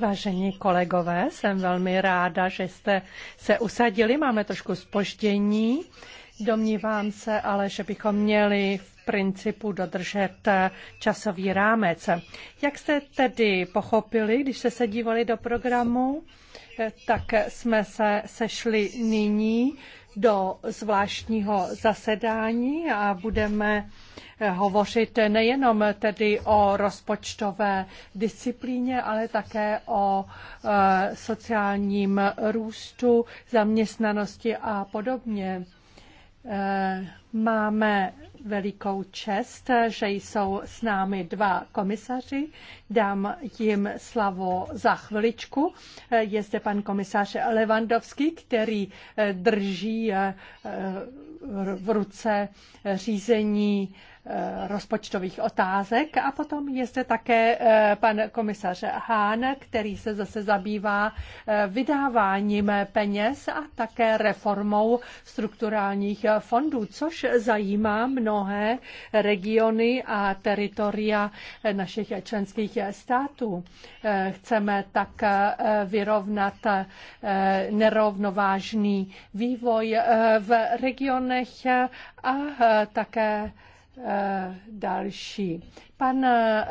Vážení kolegové, jsem velmi ráda, že jste se usadili. Máme trošku spoždění. Domnívám se ale, že bychom měli v principu dodržet časový rámec. Jak jste tedy pochopili, když jste se dívali do programu, tak jsme se sešli nyní do zvláštního zasedání a budeme eh, hovořit nejenom tedy o rozpočtové disciplíně, ale také o eh, sociálním růstu, zaměstnanosti a podobně. Eh, máme velikou čest, že jsou s námi dva komisaři. Dám jim slavo za chviličku. Je zde pan komisař Levandovský, který drží eh, v ruce řízení Eh, rozpočtových otázek a potom je zde také eh, pan komisař Hán, který se zase zabývá eh, vydáváním peněz a také reformou strukturálních fondů, což zajímá mnohé regiony a teritoria našich členských států. Chceme tak vyrovnat nerovnovážný vývoj v regionech a také Eh, další. Pan eh,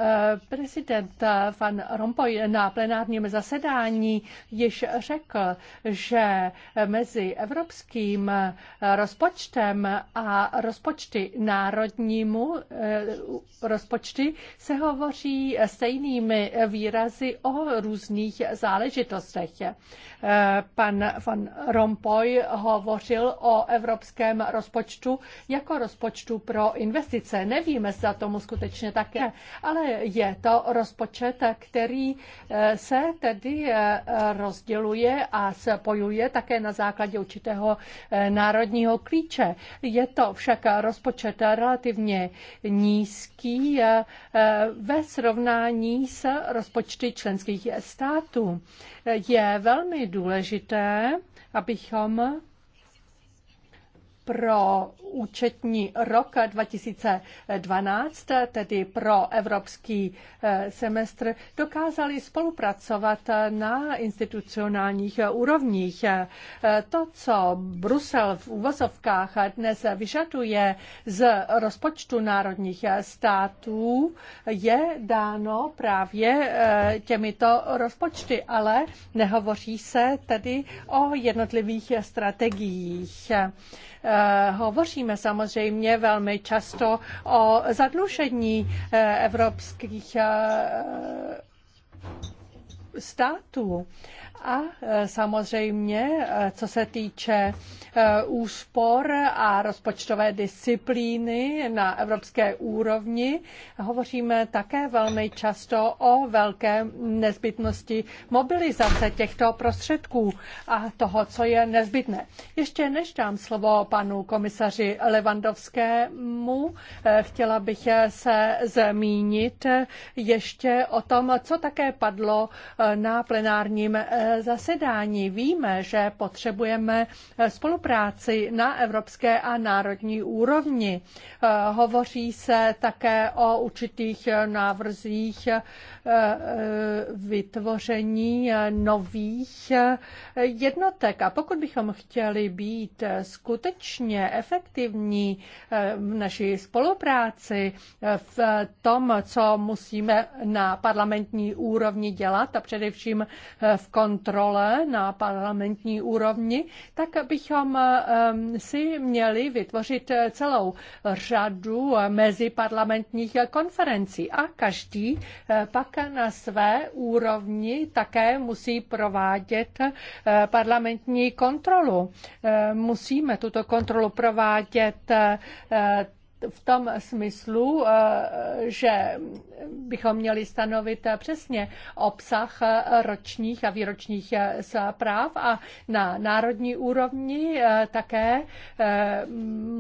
prezident Van Rompuy na plenárním zasedání již řekl, že mezi evropským eh, rozpočtem a rozpočty národnímu eh, rozpočty se hovoří stejnými výrazy o různých záležitostech. Pan Van Rompuy hovořil o evropském rozpočtu jako rozpočtu pro investice. Nevíme, zda tomu skutečně také je. Ale je to rozpočet, který eh, se tedy eh, rozděluje a spojuje také na základě určitého eh, národního klíče. Je to však rozpočet relativně nízký ve srovnání s rozpočty členských států. Je velmi důležité, abychom pro účetní rok 2012, tedy pro evropský eh, semestr, dokázali spolupracovat na institucionálních úrovních. Eh, to, co Brusel v úvozovkách dnes vyžaduje z rozpočtu národních států, je dáno právě eh, těmito rozpočty, ale nehovoří se tedy o jednotlivých strategiích. Eh, hovoříme samozřejmě velmi často o zadlužení eh, evropských eh, států. A e, samozřejmě, e, co se týče e, úspor a rozpočtové disciplíny na evropské úrovni, hovoříme také velmi často o velké nezbytnosti mobilizace těchto prostředků a toho, co je nezbytné. Ještě než dám slovo panu komisaři Levandovskému, chtěla bych se zmínit ještě o tom, co také padlo na plenárním zasedání víme, že potřebujeme spolupráci na evropské a národní úrovni. Hovoří se také o určitých návrzích eh, vytvoření nových jednotek. A pokud bychom chtěli být skutečně efektivní v naší spolupráci, v tom, co musíme na parlamentní úrovni dělat a především v kontextu kontrole na parlamentní úrovni, tak bychom ehm, si měli vytvořit celou řadu meziparlamentních konferencí a každý eh, pak na své úrovni také musí provádět eh, parlamentní kontrolu. Eh, musíme tuto kontrolu provádět v tom smyslu, eh, že bychom měli stanovit přesně obsah ročních a výročních eh, zpráv a na národní úrovni eh, také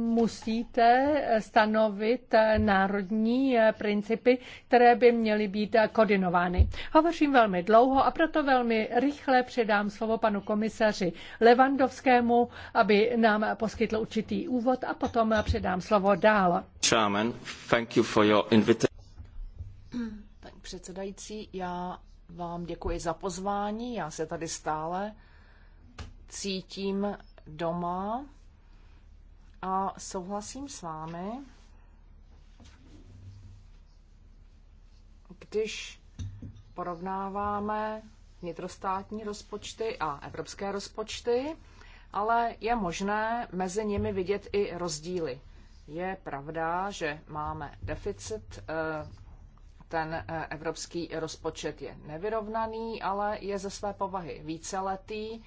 musíte stanovit národní principy, které by měly být koordinovány. Hovořím velmi dlouho a proto velmi rychle předám slovo panu komisaři Levandovskému, aby nám poskytl určitý úvod a potom předám slovo dál dále. Chairman, thank you for your invitation. Paní předsedající, já vám děkuji za pozvání. Já se tady stále cítím doma a souhlasím s vámi. Když porovnáváme vnitrostátní rozpočty a evropské rozpočty, ale je možné mezi nimi vidět i rozdíly. Je pravda, že máme deficit. Eh, ten eh, evropský rozpočet je nevyrovnaný, ale je ze své povahy víceletý.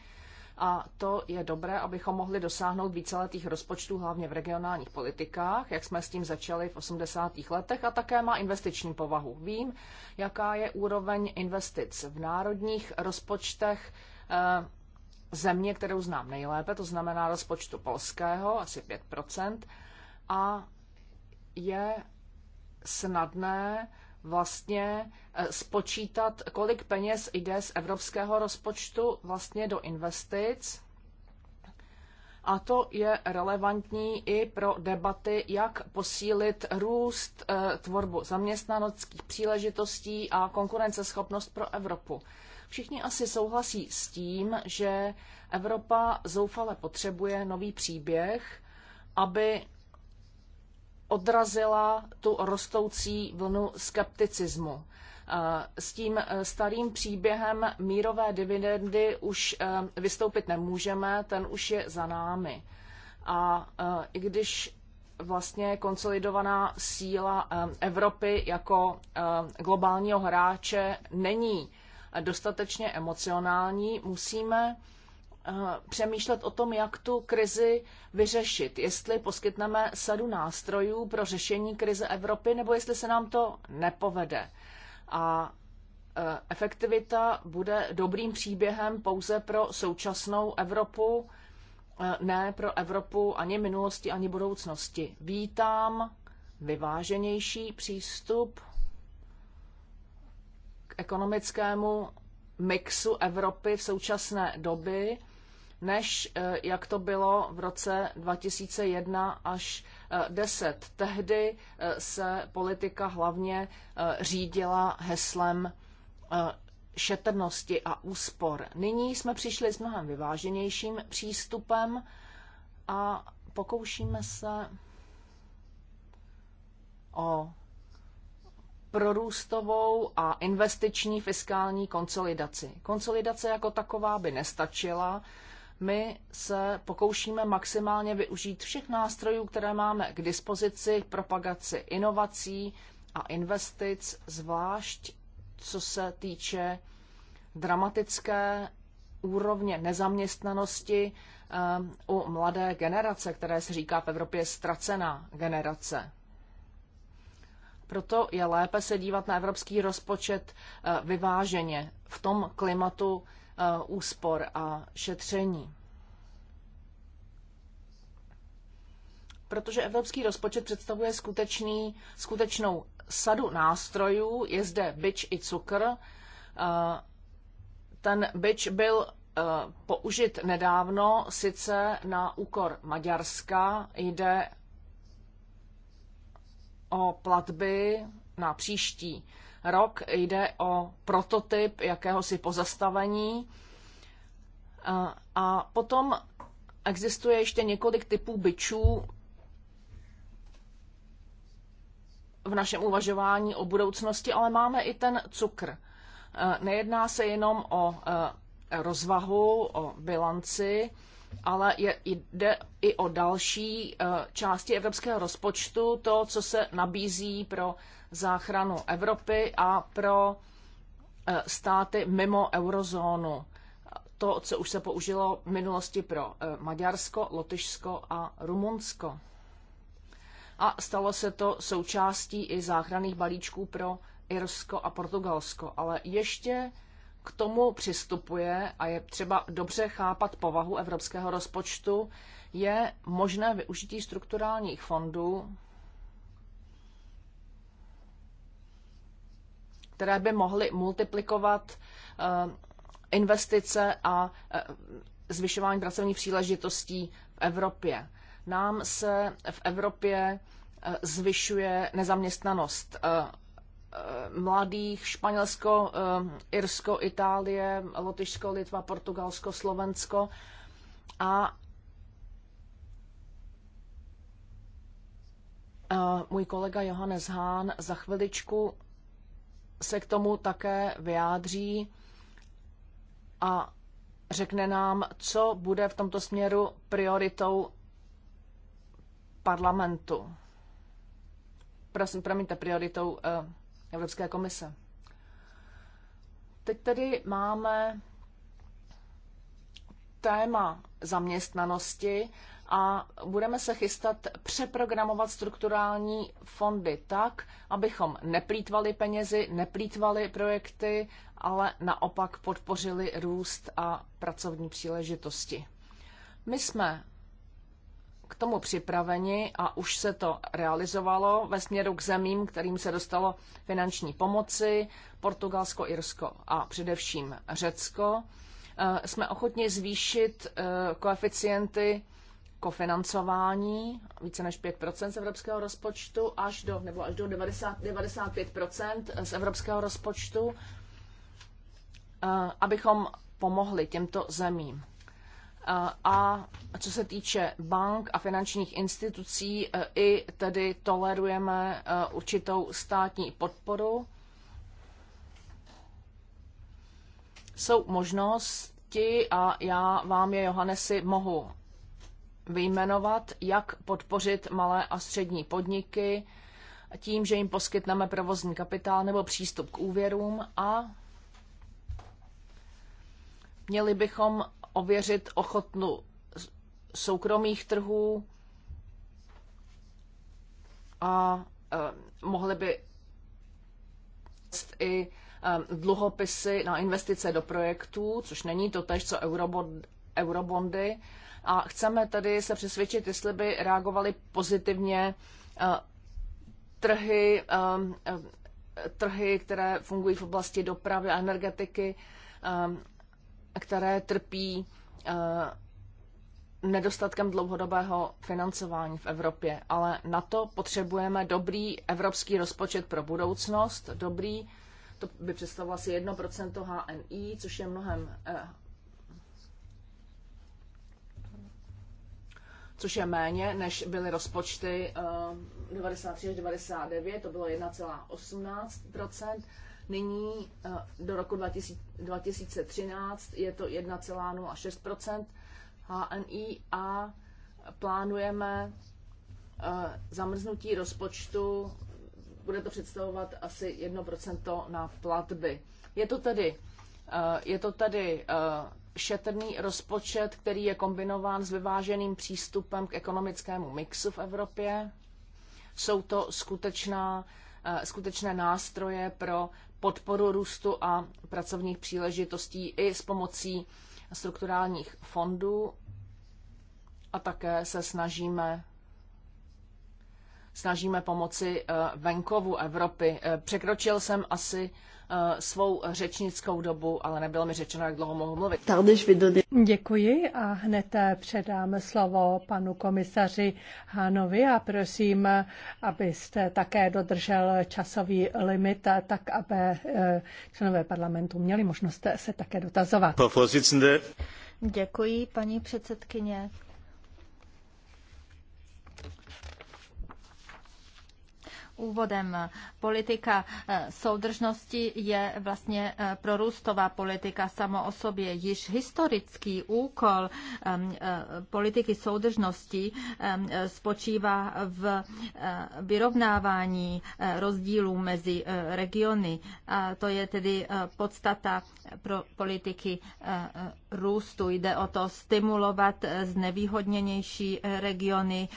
A to je dobré, abychom mohli dosáhnout víceletých rozpočtů, hlavně v regionálních politikách, jak jsme s tím začali v 80. letech, a také má investiční povahu. Vím, jaká je úroveň investic v národních rozpočtech eh, země, kterou znám nejlépe, to znamená rozpočtu polského, asi 5 a je snadné vlastně eh, spočítat, kolik peněz jde z evropského rozpočtu vlastně do investic. A to je relevantní i pro debaty, jak posílit růst, eh, tvorbu zaměstnaneckých příležitostí a konkurenceschopnost pro Evropu. Všichni asi souhlasí s tím, že Evropa zoufale potřebuje nový příběh, aby odrazila tu rostoucí vlnu skepticismu. Eh, s tím eh, starým příběhem mírové dividendy už eh, vystoupit nemůžeme, ten už je za námi. A i když vlastně konsolidovaná síla Evropy jako globálního hráče není dostatečně emocionální, musíme Eh, přemýšlet o tom, jak tu krizi vyřešit. Jestli poskytneme sadu nástrojů pro řešení krize Evropy, nebo jestli se nám to nepovede. A eh, efektivita bude dobrým příběhem pouze pro současnou Evropu, eh, ne pro Evropu ani minulosti, ani budoucnosti. Vítám vyváženější přístup k ekonomickému mixu Evropy v současné době než eh, jak to bylo v roce 2001 až 10. Eh, Tehdy eh, se politika hlavně řídila heslem šetrnosti a úspor. Nyní jsme přišli s mnohem vyváženějším přístupem a pokoušíme se o prorůstovou a investiční fiskální konsolidaci. Konsolidace jako taková by nestačila, my se pokoušíme maximálně využít všech nástrojů, které máme k dispozici k propagaci inovací a investic, zvlášť co se týče dramatické úrovně nezaměstnanosti ehm, u mladé generace, které se říká v Evropě ztracená generace. Proto je lépe se dívat na evropský rozpočet eh, vyváženě v tom klimatu Uh, úspor a šetření. Protože evropský rozpočet představuje skutečný, skutečnou sadu nástrojů, je zde byč i cukr. Uh, ten byč byl uh, použit nedávno, sice na úkor Maďarska, jde o platby na příští rok. Jde o prototyp jakéhosi pozastavení. A potom existuje ještě několik typů byčů v našem uvažování o budoucnosti, ale máme i ten cukr. E, nejedná se jenom o e, rozvahu, o bilanci, ale je, jde i o další e, části evropského rozpočtu, to, co se nabízí pro záchranu Evropy a pro eh, státy mimo eurozónu. To, co už se použilo v minulosti pro eh, Maďarsko, Lotyšsko a Rumunsko. A stalo se to součástí i záchranných balíčků pro Irsko a Portugalsko. Ale ještě k tomu přistupuje, a je třeba dobře chápat povahu evropského rozpočtu, je možné využití strukturálních fondů které by mohly multiplikovat eh, investice a eh, zvyšování pracovních příležitostí v Evropě. Nám se v Evropě eh, zvyšuje nezaměstnanost mladých Španělsko, Irsko, Itálie, Lotyšsko, Litva, Portugalsko, Slovensko a můj kolega Johannes Hahn za chviličku se k tomu také vyjádří a řekne nám, co bude v tomto směru prioritou parlamentu. Prosím, promiňte, prioritou eh, Evropské komise. Teď tedy máme téma zaměstnanosti a budeme se chystat přeprogramovat strukturální fondy tak, abychom neplýtvali penězi, neplýtvali projekty, ale naopak podpořili růst a pracovní příležitosti. My jsme k tomu připraveni a už se to realizovalo ve směru k zemím, kterým se dostalo finanční pomoci, Portugalsko, Irsko a především Řecko. Eh, jsme ochotni zvýšit eh, koeficienty kofinancování více než 5 z evropského rozpočtu až do, nebo až do 90, 95 z evropského rozpočtu, eh, abychom pomohli těmto zemím. Eh, a co se týče bank a finančních institucí, eh, i tedy tolerujeme určitou státní podporu. Jsou možnosti a já vám je, Johannesi, mohu vyjmenovat, jak podpořit malé a střední podniky tím, že jim poskytneme provozní kapitál nebo přístup k úvěrům a měli bychom ověřit ochotnu soukromých trhů a eh, mohli by i eh, dluhopisy na investice do projektů, což není to tež, co eurobond, eurobondy, a chceme tedy se přesvědčit, jestli by reagovali pozitivně eh, trhy, eh, trhy, které fungují v oblasti dopravy a energetiky, eh, které trpí nedostatkem dlouhodobého financování v Evropě, ale na to potřebujeme dobrý evropský rozpočet pro budoucnost, dobrý, to by představovalo asi 1% HNI, což je mnohem což je méně, než byly rozpočty 93 eh, až 99, to bylo 1,18 Nyní eh, do roku 2013 je to 1,06 HNI a plánujeme eh, zamrznutí rozpočtu, bude to představovat asi 1 na platby. Je to tedy, je to tedy šetrný rozpočet, který je kombinován s vyváženým přístupem k ekonomickému mixu v Evropě. Jsou to skutečná, eh, skutečné nástroje pro podporu růstu a pracovních příležitostí i s pomocí strukturálních fondů. A také se snažíme snažíme pomoci eh, venkovu Evropy. Eh, překročil jsem asi Eh, svou řečnickou dobu, ale nebylo mi řečeno, jak dlouho mohu mluvit. Děkuji a hned eh, předám slovo panu komisaři Hánovi a prosím, eh, abyste také dodržel časový limit, tak aby členové parlamentu měli možnost se také dotazovat. Děkuji, paní předsedkyně. úvodem. Politika eh, soudržnosti je vlastně eh, prorůstová politika samo o sobě. Již historický úkol eh, politiky soudržnosti spočívá v vyrovnávání rozdílů mezi regiony. A to je tedy podstata pro politiky růstu. Jde o to stimulovat znevýhodněnější regiony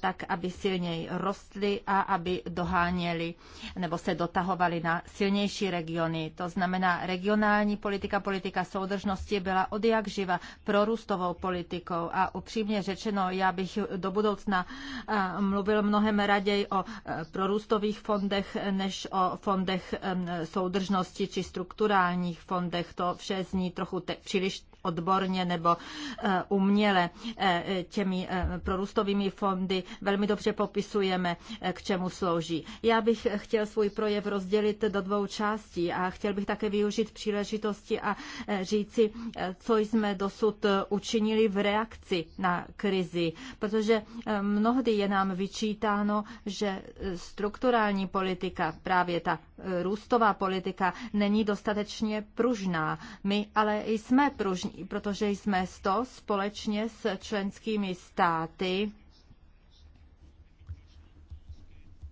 tak, aby silněji rostly a aby doháněly doháněli nebo se dotahovali na silnější regiony. To znamená, regionální politika, politika soudržnosti byla odjak živa prorůstovou politikou a upřímně řečeno, já bych do budoucna mluvil mnohem raději o prorůstových fondech než o fondech soudržnosti či strukturálních fondech. To vše zní trochu te- příliš odborně nebo eh, uměle eh, těmi eh, prorůstovými fondy velmi dobře popisujeme, k čemu slouží. Já bych chtěl svůj projev rozdělit do dvou částí a chtěl bych také využít příležitosti a říci, co jsme dosud učinili v reakci na krizi, protože mnohdy je nám vyčítáno, že strukturální politika, právě ta růstová politika není dostatečně pružná. My ale jsme pružní, protože jsme to společně s členskými státy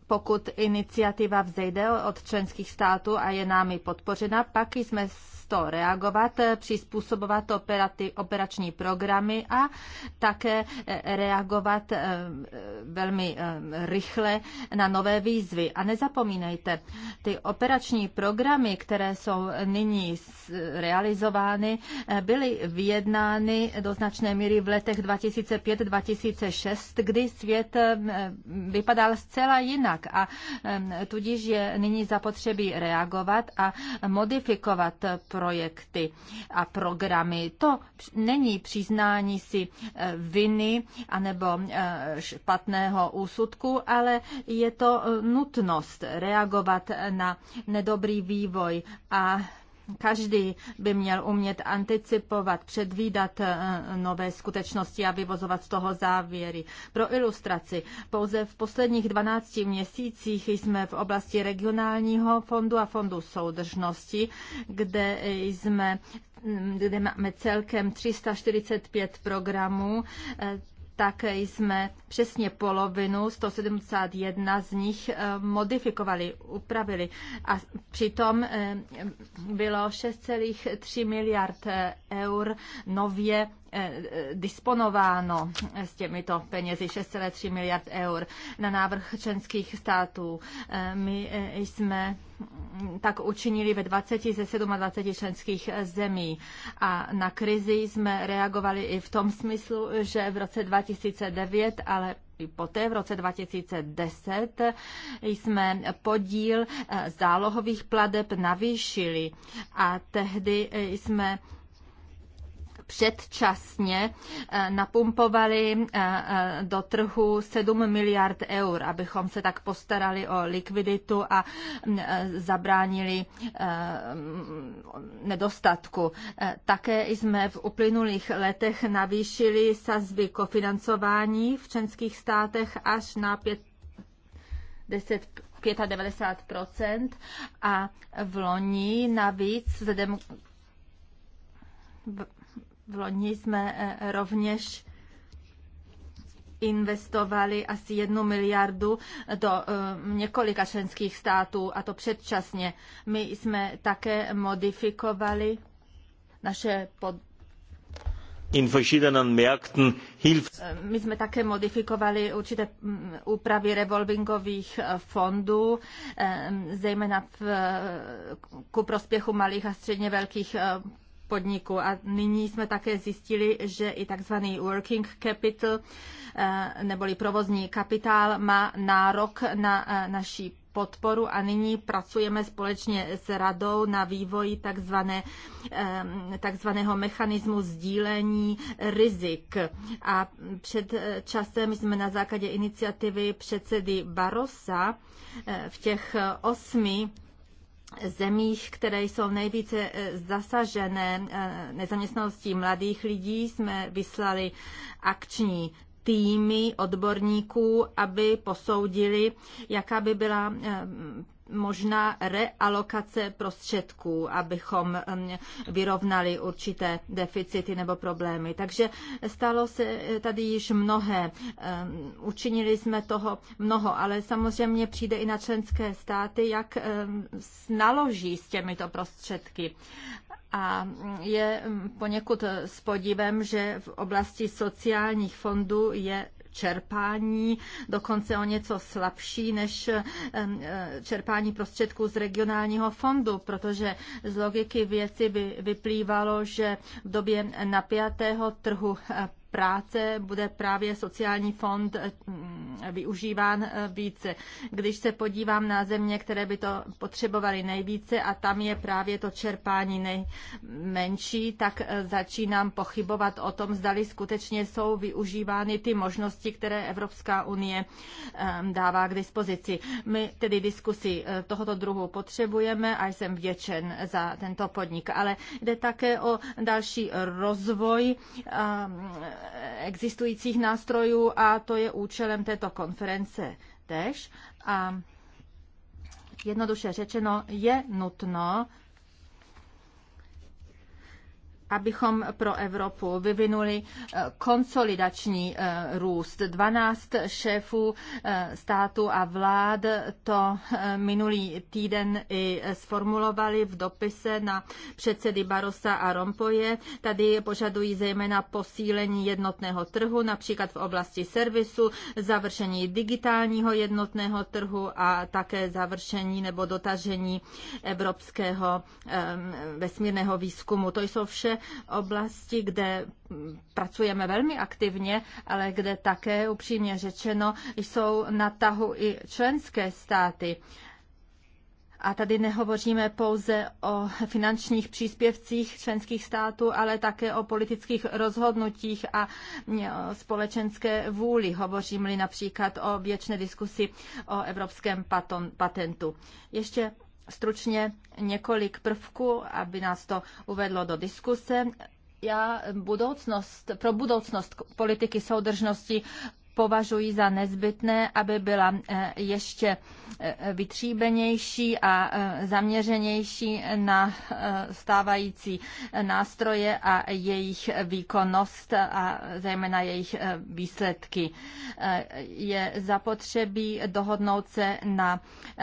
pokud iniciativa vzejde od členských států a je námi podpořena, pak jsme to reagovat, eh, přizpůsobovat operaty, operační programy a také eh, reagovat eh, velmi rychle na nové výzvy. A nezapomínejte, ty operační programy, které jsou nyní realizovány, byly vyjednány do značné míry v letech 2005-2006, kdy svět vypadal zcela jinak a tudíž je nyní zapotřebí reagovat a modifikovat pro projekty a programy. To není přiznání si eh, viny anebo eh, špatného úsudku, ale je to eh, nutnost reagovat na nedobrý vývoj a Každý by měl umět anticipovat, předvídat eh, nové skutečnosti a vyvozovat z toho závěry. Pro ilustraci, pouze v posledních 12 měsících jsme v oblasti regionálního fondu a fondu soudržnosti, kde jsme kde máme celkem 345 programů, eh, tak jsme přesně polovinu, 171 z nich eh, modifikovali, upravili. A přitom eh, bylo 6,3 miliard eh, eur nově Eh, disponováno s těmito penězi 6,3 miliard eur na návrh členských států. Eh, my eh, jsme mm, tak učinili ve 20 ze 27 členských zemí a na krizi jsme reagovali i v tom smyslu, že v roce 2009, ale i poté v roce 2010 jsme podíl zálohových pladeb navýšili a tehdy jsme předčasně eh, napumpovali eh, eh, do trhu 7 miliard eur, abychom se tak postarali o likviditu a mm, zabránili nedostatku. Také jsme v uplynulých letech navýšili sazby kofinancování v členských státech až na 5 10 95 a v loni navíc vzhledem v loni jsme e, rovněž investovali asi jednu miliardu do e, několika členských států, a to předčasně. My jsme také modifikovali naše pod in verschiedenen Märkten hilf... E, my jsme také modifikovali určité úpravy revolvingových fondů, zejména v, ku prospěchu malých a středně velkých podniku. A nyní jsme také zjistili, že i takzvaný working capital eh, neboli provozní kapitál má nárok na eh, naší podporu a nyní pracujeme společně s radou na vývoji takzvané, eh, takzvaného mechanismu sdílení rizik. A před časem jsme na základě iniciativy předsedy Barosa v těch osmi zemích, které jsou nejvíce eh, zasažené eh, nezaměstnaností mladých lidí, jsme vyslali akční týmy odborníků, aby posoudili, jaká by byla eh, možná realokace prostředků, abychom mm, vyrovnali určité deficity nebo problémy. Takže stalo se eh, tady již mnohé. Eh, učinili jsme toho mnoho, ale samozřejmě přijde i na členské státy, jak eh, naloží s těmito prostředky. A je mm, poněkud s podívem, že v oblasti sociálních fondů je čerpání, dokonce o něco slabší než e, čerpání prostředků z regionálního fondu, protože z logiky věci by vyplývalo, že v době napjatého trhu práce bude právě sociální fond mm, využíván eh, více. Když se podívám na země, které by to potřebovaly nejvíce a tam je právě to čerpání nejmenší, tak eh, začínám pochybovat o tom, zdali skutečně jsou využívány ty možnosti, které Evropská unie ehm, dává k dispozici. My tedy diskusi eh, tohoto druhu potřebujeme a jsem vděčen za tento podnik, ale jde také o další rozvoj ehm, existujících nástrojů a to je účelem této konference tež. A jednoduše řečeno je nutno abychom pro Evropu vyvinuli eh, konsolidační eh, růst. 12 šéfů eh, státu a vlád to minulý týden i sformulovali v dopise na předsedy Barosa a Rompoje. Tady požadují zejména posílení jednotného trhu, například v oblasti servisu, završení digitálního jednotného trhu a také završení nebo dotažení evropského vesmírného výzkumu. To jsou vše oblasti, kde pracujeme velmi aktivně, ale kde také, upřímně řečeno, jsou na tahu i členské státy. A tady nehovoříme pouze o finančních příspěvcích členských států, ale také o politických rozhodnutích a mm, společenské vůli. hovoříme li například o věčné diskusi o evropském patentu. Ještě stručně několik prvků, aby nás to uvedlo do diskuse já budoucnost, pro budoucnost politiky soudržnosti považuji za nezbytné, aby byla eh, ještě eh, vytříbenější a eh, zaměřenější na stávající nástroje a jejich výkonnost a zejména jejich výsledky. Je zapotřebí dohodnout se na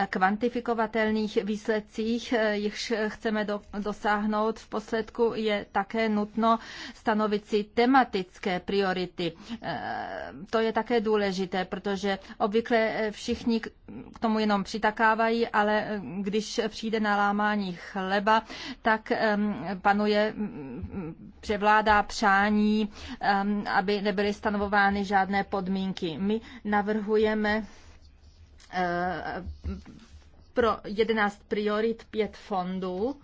kvantifikovatelných výsledcích, jichž chceme do, dosáhnout. V posledku je také nutno stanovit si tematické priority. To je tak také důležité, protože obvykle eh, všichni k tomu jenom přitakávají, ale eh, když přijde na lámání chleba, tak ehm, panuje, převládá přání, ehm, aby nebyly stanovovány žádné podmínky. My navrhujeme eh, pro 11 priorit pět fondů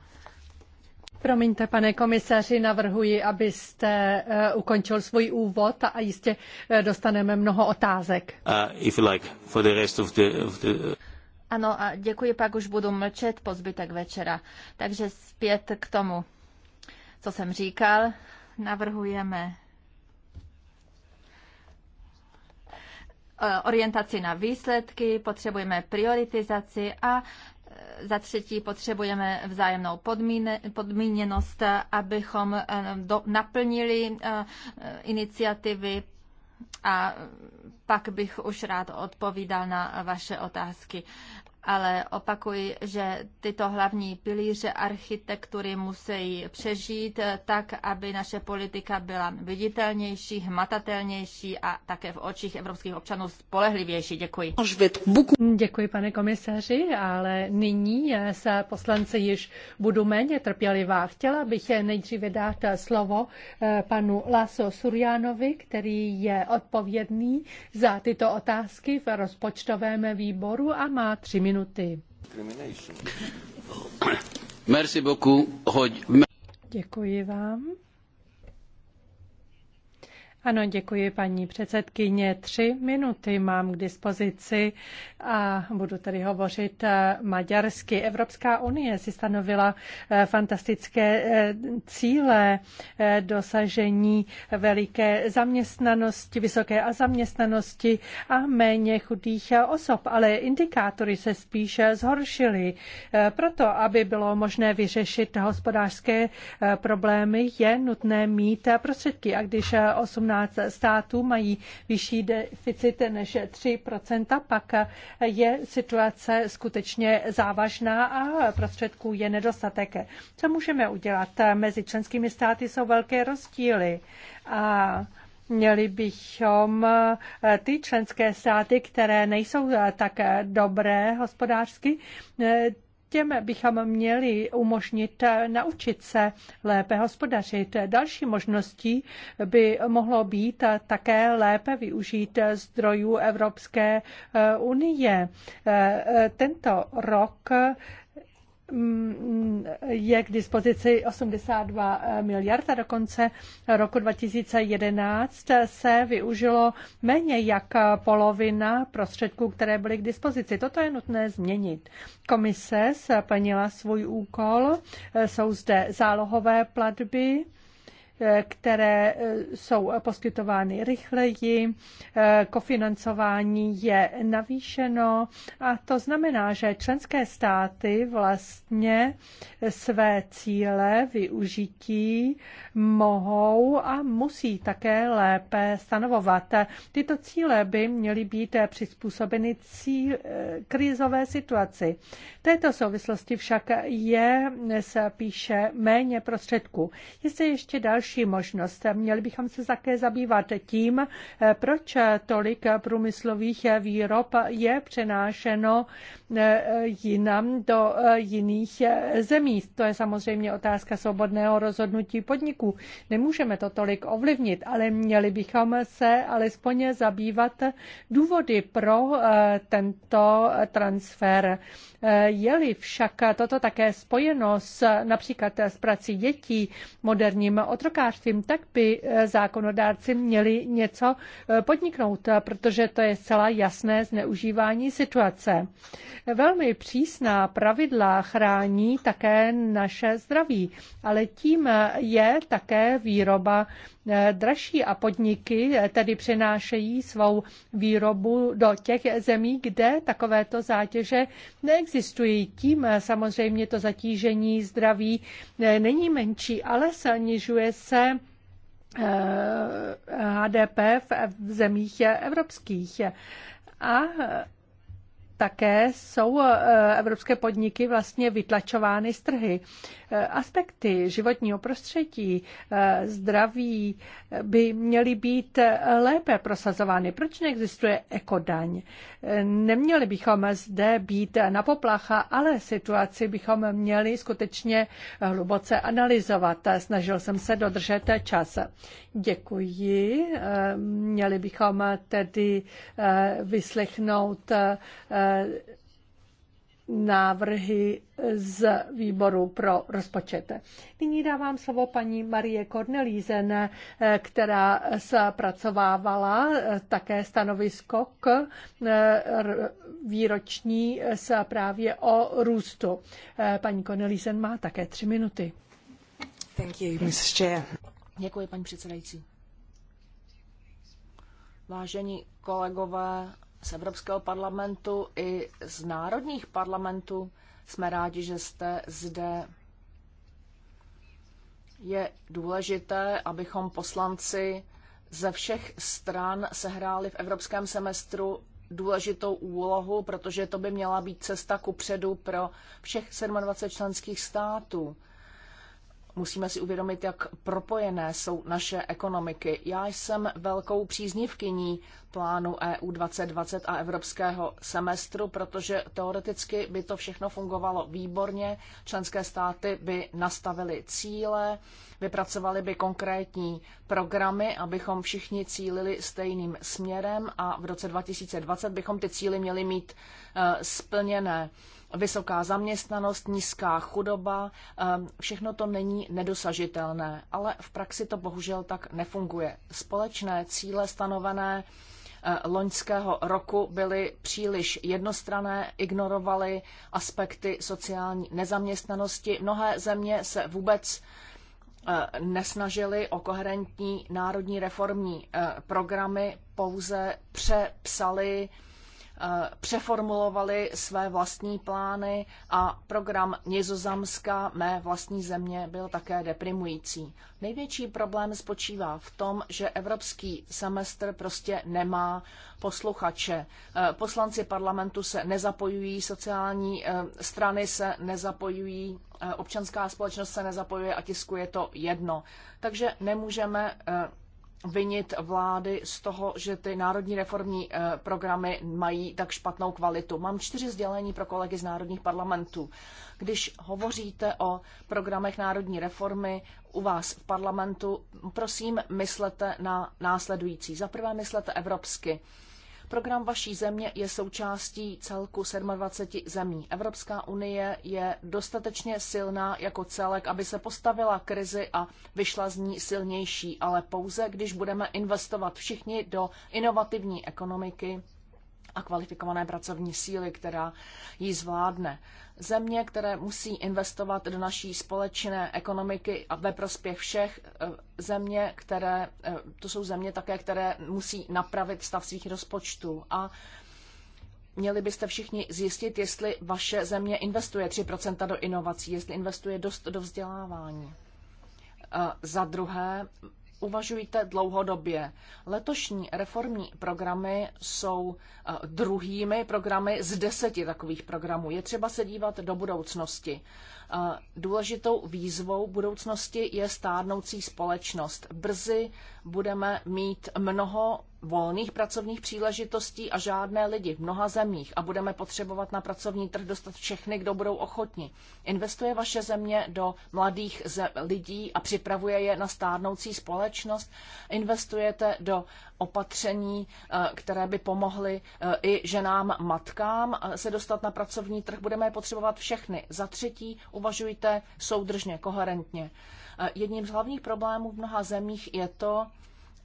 Promiňte, pane komisaři, navrhuji, abyste eh, ukončil svůj úvod a jistě eh, dostaneme mnoho otázek. Uh, if you like, for the rest of the, of the... Ano, a děkuji, pak už budu mlčet po zbytek večera. Takže zpět k tomu, co jsem říkal. Navrhujeme eh, orientaci na výsledky, potřebujeme prioritizaci a za třetí potřebujeme vzájemnou podmíněnost, abychom eh, do, naplnili eh, iniciativy a pak bych už rád odpovídal na vaše otázky ale opakuji, že tyto hlavní pilíře architektury musí přežít tak, aby naše politika byla viditelnější, hmatatelnější a také v očích evropských občanů spolehlivější. Děkuji. Děkuji, pane komisaři, ale nyní se poslanci již budu méně trpělivá. Chtěla bych nejdříve dát slovo eh, panu Laso Surjánovi, který je odpovědný za tyto otázky v rozpočtovém výboru a má tři minuty minuty. Merci beaucoup, hoď... Děkuji vám. Ano, děkuji paní předsedkyně. Tři minuty mám k dispozici a budu tady hovořit eh, maďarsky. Evropská unie si stanovila eh, fantastické eh, cíle dosažení veliké zaměstnanosti, vysoké a zaměstnanosti a méně chudých osob, ale indikátory se spíše zhoršily. Proto, aby bylo možné vyřešit hospodářské problémy, je nutné mít prostředky. A když 18 18 států mají vyšší deficit než 3 pak je situace skutečně závažná a prostředků je nedostatek. Co můžeme udělat? Mezi členskými státy jsou velké rozdíly. A měli bychom ty členské státy, které nejsou tak dobré hospodářsky, Těm bychom měli umožnit naučit se lépe hospodařit. Další možností by mohlo být také lépe využít zdrojů Evropské unie. Tento rok Mm, je k dispozici 82 eh, miliard a do konce roku 2011 se využilo méně jak polovina prostředků, které byly k dispozici. Toto je nutné změnit. Komise splnila svůj úkol, eh, jsou zde zálohové platby, které eh, jsou poskytovány rychleji, eh, kofinancování je navýšeno a to znamená, že členské státy vlastně své cíle využití mohou a musí také lépe stanovovat. Tyto cíle by měly být přizpůsobeny cíl, eh, krizové situaci. V této souvislosti však je píše, méně prostředků. Jestli ještě další další možnost. Měli bychom se také zabývat tím, proč tolik průmyslových výrob je přenášeno eh, jinam do eh, jiných eh, zemí. To je samozřejmě otázka svobodného rozhodnutí podniků. Nemůžeme to tolik ovlivnit, ale měli bychom se alespoň zabývat důvody pro tento transfer. Je-li však toto také spojeno s například s prací dětí, moderním otrokářem, hospodářstvím, tak by eh, zákonodárci měli něco eh, podniknout, eh, protože to je zcela jasné zneužívání situace. Velmi přísná pravidla chrání také naše zdraví, ale tím je také výroba dražší a podniky tedy přenášejí svou výrobu do těch zemí, kde takovéto zátěže neexistují. Tím samozřejmě to zatížení zdraví není menší, ale snižuje se HDP eh, v zemích evropských. A také jsou e, evropské podniky vlastně vytlačovány z trhy. E, aspekty životního prostředí, e, zdraví by měly být lépe prosazovány. Proč neexistuje ekodaň? Neměli bychom zde být na poplacha, ale situaci bychom měli skutečně hluboce analyzovat. Snažil jsem se dodržet čas. Děkuji. Měli bychom tedy vyslechnout návrhy z výboru pro rozpočet. Nyní dávám slovo paní Marie Kornelízen, která zpracovávala také stanovisko k výroční zprávě o růstu. Paní Kornelízen má také tři minuty. Thank you, Mrs. Chair. Děkuji, paní předsedající. Vážení kolegové, z Evropského parlamentu i z národních parlamentů. Jsme rádi, že jste zde. Je důležité, abychom poslanci ze všech stran sehráli v evropském semestru důležitou úlohu, protože to by měla být cesta ku předu pro všech 27 členských států. Musíme si uvědomit, jak propojené jsou naše ekonomiky. Já jsem velkou příznivkyní plánu EU 2020 a evropského semestru, protože teoreticky by to všechno fungovalo výborně. Členské státy by nastavily cíle, vypracovali by konkrétní programy, abychom všichni cílili stejným směrem a v roce 2020 bychom ty cíly měli mít eh, splněné vysoká zaměstnanost, nízká chudoba, eh, všechno to není nedosažitelné, ale v praxi to bohužel tak nefunguje. Společné cíle stanovené eh, loňského roku byly příliš jednostrané, ignorovaly aspekty sociální nezaměstnanosti. Mnohé země se vůbec eh, nesnažili o koherentní národní reformní programy, pouze přepsali Eh, přeformulovali své vlastní plány a program Nizozemska, mé vlastní země, byl také deprimující. Největší problém spočívá v tom, že evropský semestr prostě nemá posluchače. Eh, poslanci parlamentu se nezapojují, sociální eh, strany se nezapojují, občanská společnost se nezapojuje a tisku je to jedno. Takže nemůžeme vinit vlády z toho, že ty národní reformní eh, programy mají tak špatnou kvalitu. Mám čtyři sdělení pro kolegy z národních parlamentů. Když hovoříte o programech národní reformy u vás v parlamentu, prosím, myslete na následující. Za prvé myslete evropsky. Program vaší země je součástí celku 27 zemí. Evropská unie je dostatečně silná jako celek, aby se postavila krizi a vyšla z ní silnější, ale pouze, když budeme investovat všichni do inovativní ekonomiky a kvalifikované pracovní síly, která ji zvládne země, které musí investovat do naší společné ekonomiky a ve prospěch všech eh, země, které, eh, to jsou země také, které musí napravit stav svých rozpočtů. A měli byste všichni zjistit, jestli vaše země investuje 3% do inovací, jestli investuje dost do vzdělávání. Eh, za druhé, uvažujte dlouhodobě. Letošní reformní programy jsou eh, druhými programy z deseti takových programů. Je třeba se dívat do budoucnosti důležitou výzvou budoucnosti je stárnoucí společnost. Brzy budeme mít mnoho volných pracovních příležitostí a žádné lidi v mnoha zemích a budeme potřebovat na pracovní trh dostat všechny, kdo budou ochotni. Investuje vaše země do mladých ze- lidí a připravuje je na stárnoucí společnost? Investujete do opatření, eh, které by pomohly eh, i ženám, matkám eh, se dostat na pracovní trh? Budeme je potřebovat všechny. Za třetí, uvažujte soudržně, koherentně. Eh, jedním z hlavních problémů v mnoha zemích je to,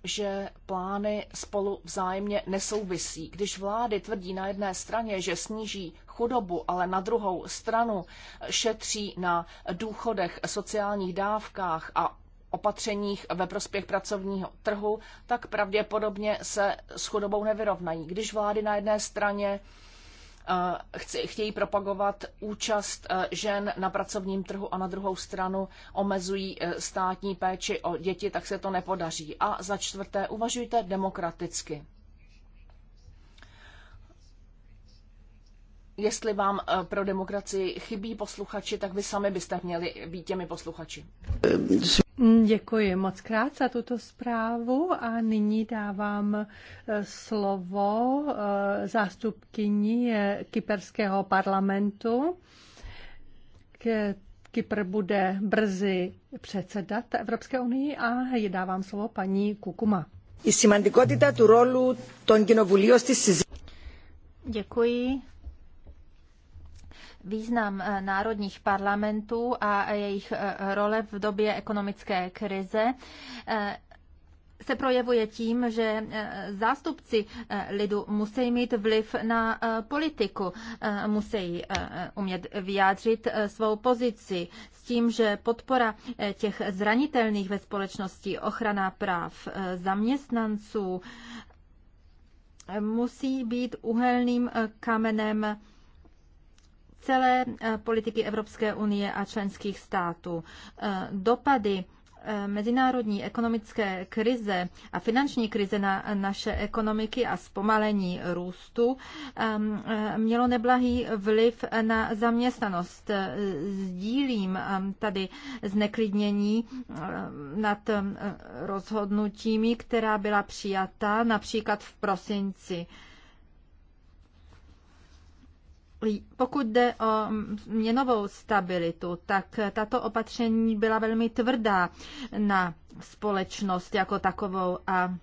že plány spolu vzájemně nesouvisí. Když vlády tvrdí na jedné straně, že sníží chudobu, ale na druhou stranu šetří na důchodech, sociálních dávkách a opatřeních ve prospěch pracovního trhu, tak pravděpodobně se s chudobou nevyrovnají. Když vlády na jedné straně Eh, chtějí propagovat účast eh, žen na pracovním trhu a na druhou stranu omezují eh, státní péči o děti, tak se to nepodaří. A za čtvrté, uvažujte demokraticky. Jestli vám pro demokracii chybí posluchači, tak vy sami byste měli být těmi posluchači. Mm, děkuji moc krát za tuto zprávu a nyní dávám e, slovo e, zástupkyni e, Kyperského parlamentu. Kypr bude brzy předsedat Evropské unii a je dávám slovo paní Kukuma. Děkuji. Význam eh, národních parlamentů a jejich eh, role v době ekonomické krize eh, se projevuje tím, že zástupci lidu musí mít vliv na politiku, musí umět vyjádřit svou pozici s tím, že podpora těch zranitelných ve společnosti, ochrana práv zaměstnanců musí být uhelným kamenem celé eh, politiky Evropské unie a členských států. Eh, dopady eh, mezinárodní ekonomické krize a finanční krize na naše ekonomiky a zpomalení růstu ehm, mělo neblahý vliv na zaměstnanost. Sdílím ehm, tady zneklidnění nad rozhodnutími, která byla přijata například v prosinci pokud jde o měnovou stabilitu, tak tato opatření byla velmi tvrdá na společnost jako takovou a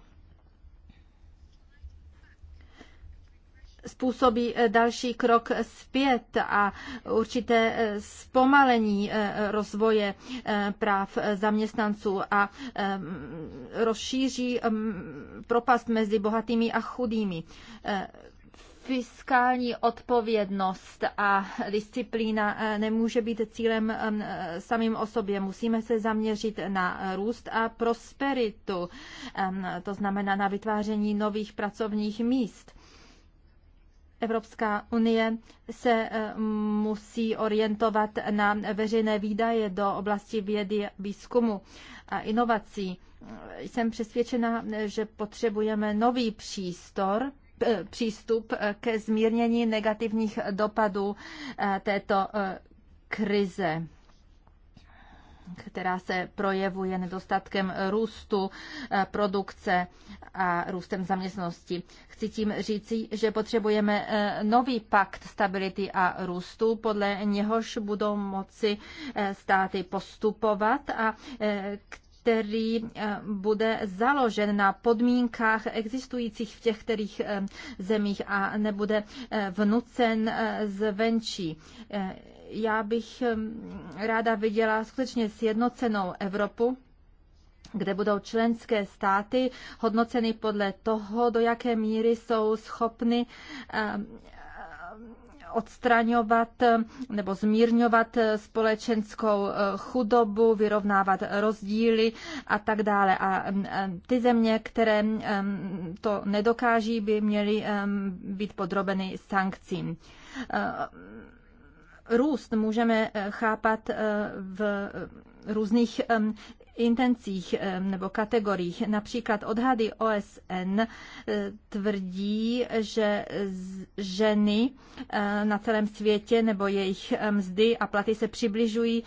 způsobí eh, další krok zpět a určité eh, zpomalení eh, rozvoje práv zaměstnanců a rozšíří mm, propast mezi bohatými a chudými fiskální odpovědnost a disciplína eh, nemůže být cílem eh, samým o sobě. Musíme se zaměřit na růst a prosperitu, eh, to znamená na vytváření nových pracovních míst. Evropská unie se musí orientovat na veřejné výdaje do oblasti vědy, výzkumu a inovací. Jsem přesvědčena, že potřebujeme nový přístor, Eh, přístup eh, ke zmírnění negativních dopadů eh, této krize která se projevuje nedostatkem růstu produkce a růstem zaměstnosti. Chci tím říci, že potřebujeme nový pakt stability a růstu, podle něhož budou moci státy postupovat a který eh, bude založen na podmínkách existujících v těch kterých eh, zemích a nebude eh, vnucen zvenčí já bych ráda viděla skutečně sjednocenou Evropu, kde budou členské státy hodnoceny podle toho, do jaké míry jsou schopny odstraňovat nebo zmírňovat společenskou eh, chudobu, vyrovnávat rozdíly a tak dále. A mm, eh, ty země, které mm, to nedokáží, by měly eh, být podrobeny sankcím růst můžeme chápat v různých intencích eh, nebo kategoriích. Například odhady OSN eh, tvrdí, že ženy eh, na celém světě nebo jejich mzdy a platy se přibližují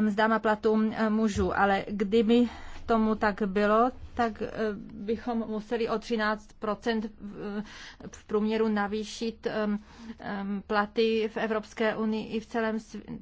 mzdám a platům mužů, ale kdyby tomu tak bylo, tak eh, bychom museli o 13 v průměru navýšit ehm, ehm, platy v Evropské unii i v celém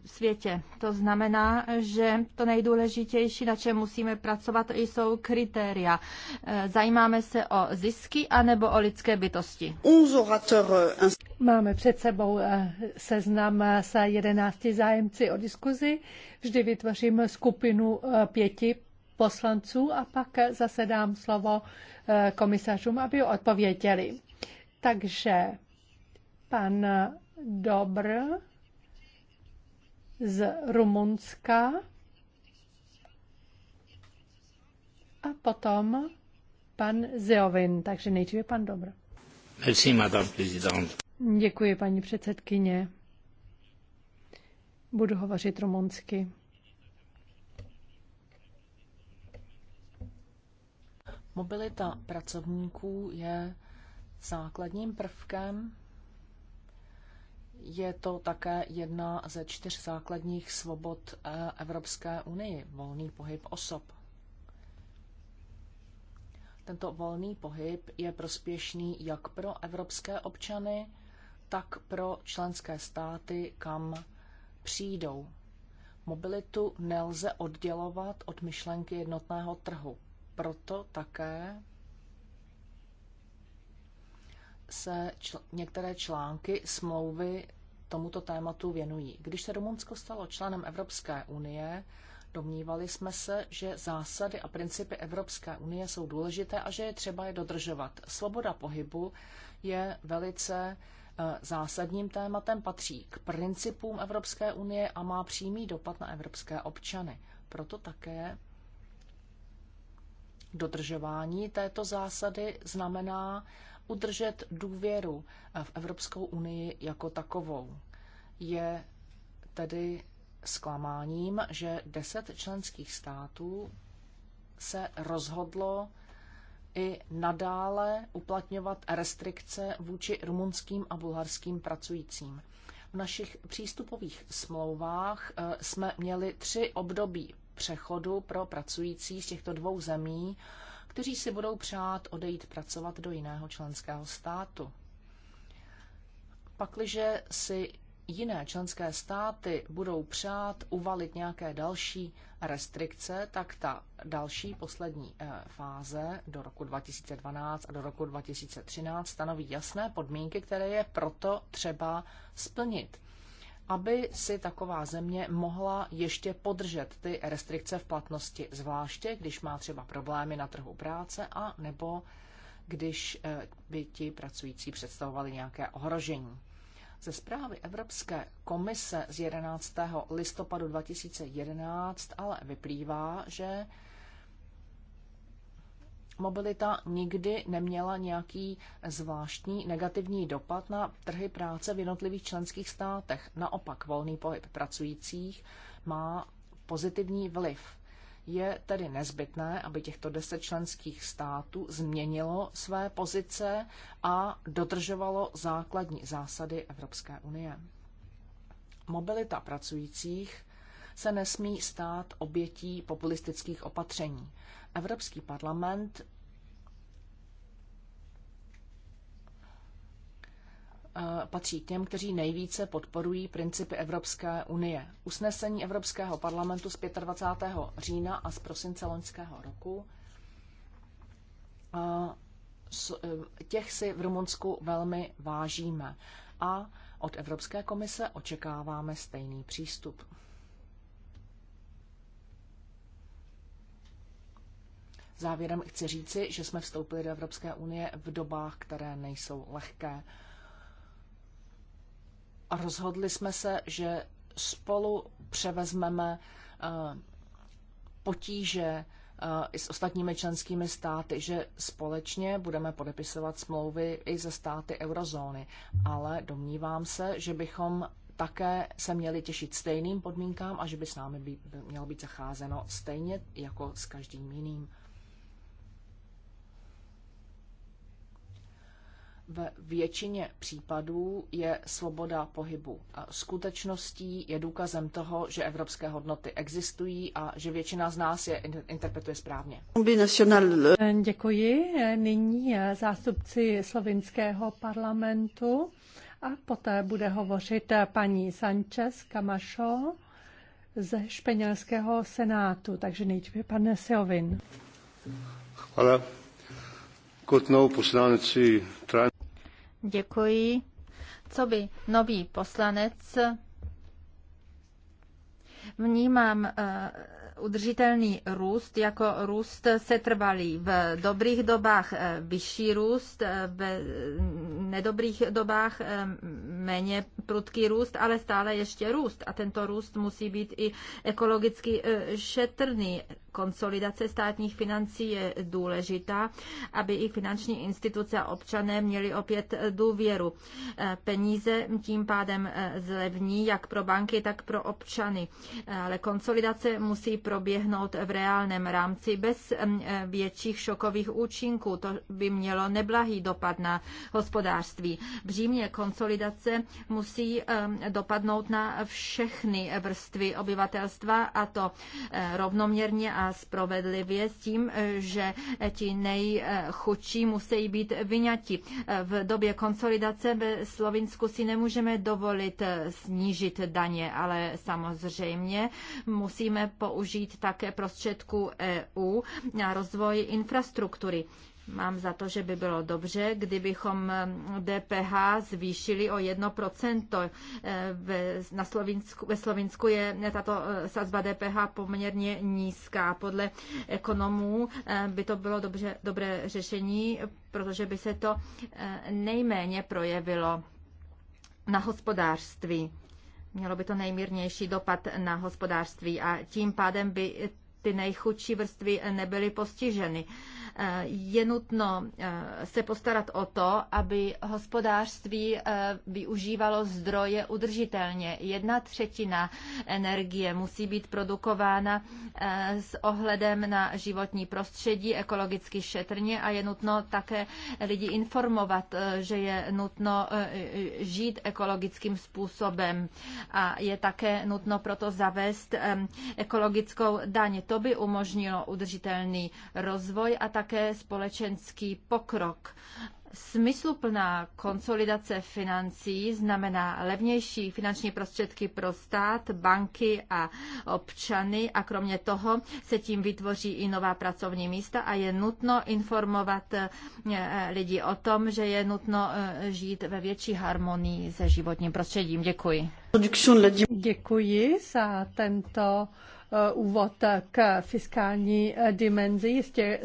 světě. To znamená, že to nejdůležitější, na čem musíme pracovat, jsou kritéria. Eh, zajímáme se o zisky anebo o lidské bytosti. Euh, Máme před sebou eh, seznam se 11 zájemci o diskuzi. Vždy vytvořím skupinu pěti poslanců a pak zase dám slovo eh, komisařům, aby odpověděli. Takže pan Dobr z Rumunska a potom pan Zeovin, takže nejdříve pan Dobr. Merci, madame présidente. Děkuji, paní předsedkyně. Budu hovořit rumunsky. Mobilita pracovníků je základním prvkem. Je to také jedna ze čtyř základních svobod eh, Evropské unii, volný pohyb osob. Tento volný pohyb je prospěšný jak pro evropské občany, tak pro členské státy, kam přijdou. Mobilitu nelze oddělovat od myšlenky jednotného trhu proto také se čl- některé články smlouvy tomuto tématu věnují. Když se Rumunsko stalo členem Evropské unie, domnívali jsme se, že zásady a principy Evropské unie jsou důležité a že je třeba je dodržovat. Svoboda pohybu je velice eh, zásadním tématem, patří k principům Evropské unie a má přímý dopad na evropské občany. Proto také Dodržování této zásady znamená udržet důvěru v Evropskou unii jako takovou. Je tedy zklamáním, že deset členských států se rozhodlo i nadále uplatňovat restrikce vůči rumunským a bulharským pracujícím. V našich přístupových smlouvách eh, jsme měli tři období přechodu pro pracující z těchto dvou zemí, kteří si budou přát odejít pracovat do jiného členského státu. Pakliže si jiné členské státy budou přát uvalit nějaké další restrikce, tak ta další poslední eh, fáze do roku 2012 a do roku 2013 stanoví jasné podmínky, které je proto třeba splnit aby si taková země mohla ještě podržet ty restrikce v platnosti, zvláště když má třeba problémy na trhu práce a nebo když eh, by ti pracující představovali nějaké ohrožení. Ze zprávy Evropské komise z 11. listopadu 2011 ale vyplývá, že mobilita nikdy neměla nějaký zvláštní negativní dopad na trhy práce v jednotlivých členských státech. Naopak volný pohyb pracujících má pozitivní vliv. Je tedy nezbytné, aby těchto deset členských států změnilo své pozice a dodržovalo základní zásady Evropské unie. Mobilita pracujících se nesmí stát obětí populistických opatření. Evropský parlament eh, patří k těm, kteří nejvíce podporují principy Evropské unie. Usnesení Evropského parlamentu z 25. října a z prosince loňského roku eh, eh, těch si v Rumunsku velmi vážíme a od Evropské komise očekáváme stejný přístup. Závěrem chci říci, že jsme vstoupili do Evropské unie v dobách, které nejsou lehké. A rozhodli jsme se, že spolu převezmeme eh, potíže eh, i s ostatními členskými státy, že společně budeme podepisovat smlouvy i ze státy eurozóny. Ale domnívám se, že bychom také se měli těšit stejným podmínkám a že by s námi by, mělo být zacházeno stejně jako s každým jiným. ve většině případů je svoboda pohybu. Skutečností je důkazem toho, že evropské hodnoty existují a že většina z nás je interpretuje správně. Hm, děkuji. Nyní je eh, zástupci slovinského parlamentu a poté bude hovořit eh, paní Sanchez Camacho ze španělského senátu. Takže nejdříve pane Seovin. Hvala. Kot nov poslanec Děkuji. Co by nový poslanec? Vnímám eh, udržitelný růst jako růst setrvalý. V dobrých dobách eh, vyšší růst, eh, v nedobrých dobách méně prudký růst, ale stále ještě růst. A tento růst musí být i ekologicky šetrný konsolidace státních financí je důležitá, aby i finanční instituce a občané měli opět důvěru. Eh, peníze tím pádem eh, zlevní jak pro banky, tak pro občany. Eh, ale konsolidace musí proběhnout v reálném rámci bez mm, větších šokových účinků. To by mělo neblahý dopad na hospodářství. Břímě konsolidace musí dopadnout na všechny vrstvy obyvatelstva a to rovnoměrně a a spravedlivě s tím, eh, že eh, ti nejchudší musí být vyňati. Eh, v době konsolidace ve Slovinsku si nemůžeme dovolit snížit daně, ale samozřejmě musíme použít také prostředku e EU na rozvoj infrastruktury. Mám za to, že by bylo dobře, kdybychom DPH eh, zvýšili o 1%. Eh, ve, na Slovinsku, ve Slovinsku je tato eh, sazba DPH poměrně nízká. Podle ekonomů by to bylo dobře, dobré řešení, protože by se to nejméně projevilo na hospodářství. Mělo by to nejmírnější dopad na hospodářství a tím pádem by ty nejchudší vrstvy nebyly postiženy. Eh, je nutno eh, se postarat o to, aby hospodářství eh, využívalo zdroje udržitelně. Jedna třetina energie musí být produkována s ohledem na životní prostředí, ekologicky šetrně a je nutno také lidi informovat, že je nutno žít ekologickým způsobem a je také nutno proto zavést ekologickou daň. To to by umožnilo udržitelný rozvoj a také společenský pokrok Smysluplná konsolidace financí znamená levnější finanční prostředky pro stát, banky a občany a kromě toho se tím vytvoří i nová pracovní místa a je nutno informovat eh, lidi o tom, že je nutno eh, žít ve větší harmonii se životním prostředím. Děkuji. Děkuji za tento eh, úvod k fiskální dimenzi. Jistě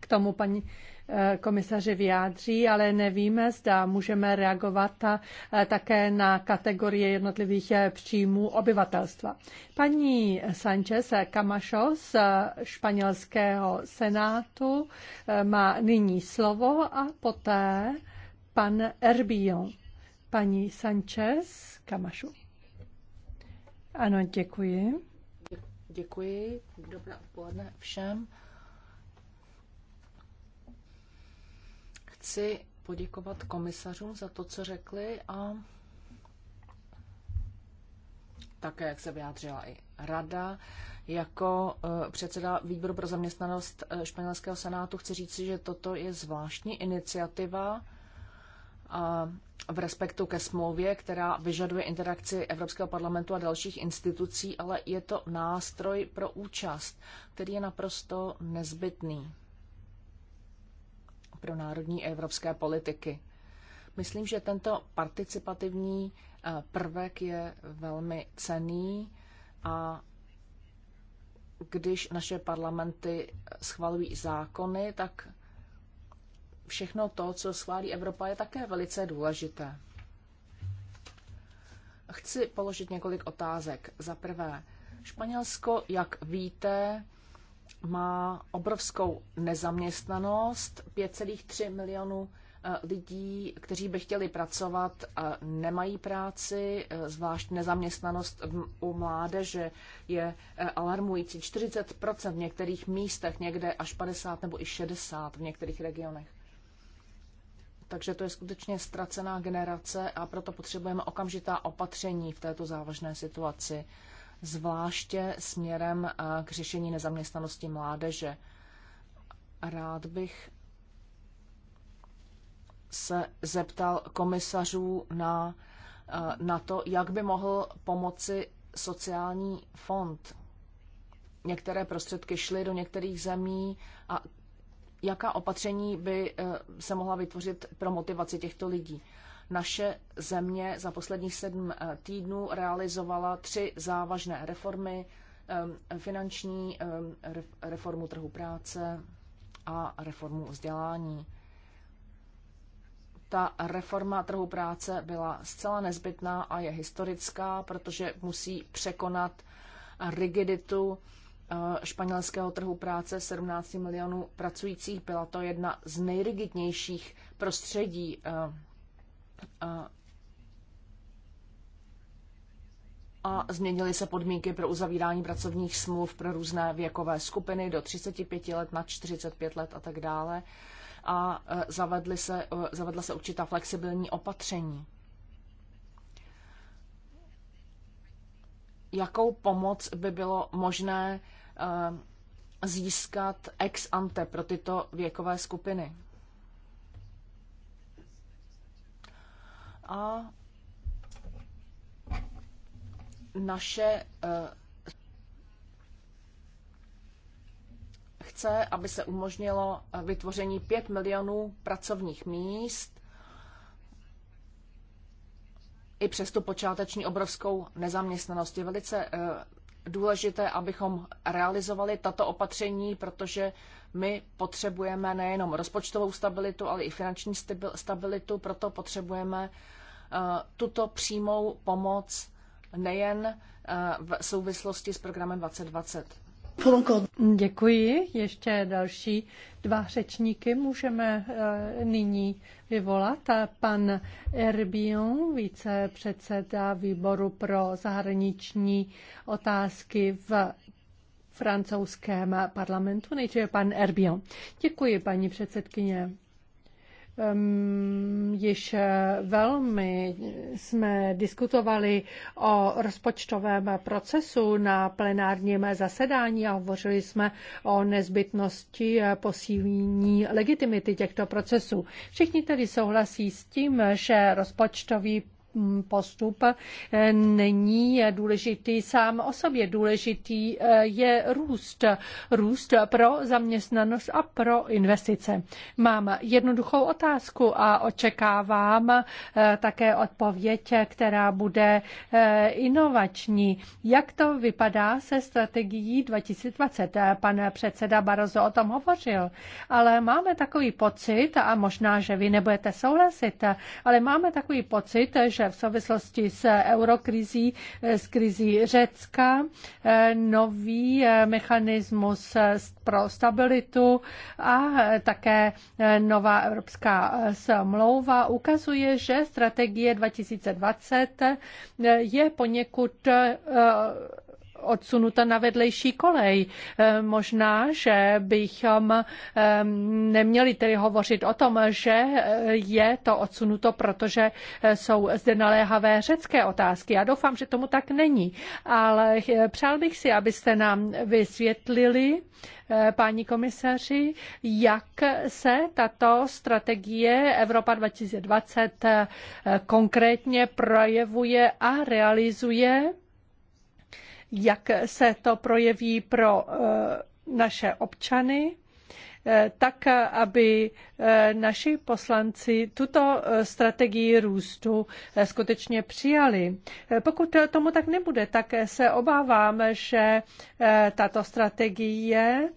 k tomu paní Eh, komisaři vyjádří, ale nevíme, zda můžeme reagovat eh, také na kategorie jednotlivých eh, příjmů obyvatelstva. Paní Sanchez Camacho z španělského senátu má nyní slovo a poté pan Erbion. Paní Sanchez Camacho. Ano, děkuji. Děkuji. Dobré odpoledne všem. chci poděkovat komisařům za to, co řekli a také, jak se vyjádřila i rada. Jako e, předseda výboru pro zaměstnanost e, španělského senátu chci říct, že toto je zvláštní iniciativa v respektu ke smlouvě, která vyžaduje interakci Evropského parlamentu a dalších institucí, ale je to nástroj pro účast, který je naprosto nezbytný pro národní a evropské politiky. Myslím, že tento participativní eh, prvek je velmi cený a když naše parlamenty schvalují zákony, tak všechno to, co schválí Evropa, je také velice důležité. Chci položit několik otázek. Za prvé, Španělsko, jak víte, má obrovskou nezaměstnanost, 5,3 milionů eh, lidí, kteří by chtěli pracovat, nemají práci, eh, zvlášť nezaměstnanost u mládeže je eh, alarmující. 40% v některých místech, někde až 50 nebo i 60 v některých regionech. Takže to je skutečně ztracená generace a proto potřebujeme okamžitá opatření v této závažné situaci zvláště směrem eh, k řešení nezaměstnanosti mládeže. Rád bych se zeptal komisařů na, eh, na to, jak by mohl pomoci sociální fond. Některé prostředky šly do některých zemí a jaká opatření by eh, se mohla vytvořit pro motivaci těchto lidí. Naše země za posledních sedm eh, týdnů realizovala tři závažné reformy, ehm, finanční, ehm, reformu trhu práce a reformu vzdělání. Ta reforma trhu práce byla zcela nezbytná a je historická, protože musí překonat rigiditu eh, španělského trhu práce 17 milionů pracujících. Byla to jedna z nejrigidnějších prostředí eh, a změnily se podmínky pro uzavírání pracovních smluv pro různé věkové skupiny do 35 let, na 45 let a tak dále. A e, zavedly se, e, zavedla se určitá flexibilní opatření. Jakou pomoc by bylo možné e, získat ex ante pro tyto věkové skupiny? a naše eh, chce, aby se umožnilo eh, vytvoření 5 milionů pracovních míst i přes tu počáteční obrovskou nezaměstnanost. Je velice eh, důležité, abychom realizovali tato opatření, protože my potřebujeme nejenom rozpočtovou stabilitu, ale i finanční stabilitu, proto potřebujeme eh, tuto přímou pomoc nejen eh, v souvislosti s programem 2020. Děkuji. Ještě další dva řečníky můžeme eh, nyní vyvolat. Pan Erbion, vicepředseda výboru pro zahraniční otázky v francouzském parlamentu. Nejdříve pan Erbion. Děkuji, paní předsedkyně. Ehm, již eh, velmi jsme diskutovali o rozpočtovém procesu na plenárním zasedání a hovořili jsme o nezbytnosti eh, posílení legitimity těchto procesů. Všichni tedy souhlasí s tím, že rozpočtový postup eh, není důležitý sám o sobě. Důležitý eh, je růst. Růst pro zaměstnanost a pro investice. Mám jednoduchou otázku a očekávám eh, také odpověď, která bude inovační. Jak to vypadá se strategií 2020? Pan předseda Barozo o tom hovořil, ale máme takový pocit, a možná, že vy nebudete souhlasit, ale máme takový pocit, že v souvislosti s eurokrizí, s krizí Řecka, nový mechanismus pro stabilitu a také nová evropská smlouva ukazuje, že strategie 2020 je poněkud odsunuta na vedlejší kolej. Eh, možná, že bychom ehm, neměli tedy hovořit o tom, že eh, je to odsunuto, protože eh, jsou zde naléhavé řecké otázky. Já doufám, že tomu tak není, ale přál bych si, abyste nám vysvětlili, páni komisaři, jak se tato strategie Evropa 2020 konkrétně projevuje a realizuje jak se to projeví pro eh, naše občany, eh, tak aby eh, naši poslanci tuto strategii růstu skutečně přijali. Pokud tomu tak nebude, tak se obávám, že tato strategie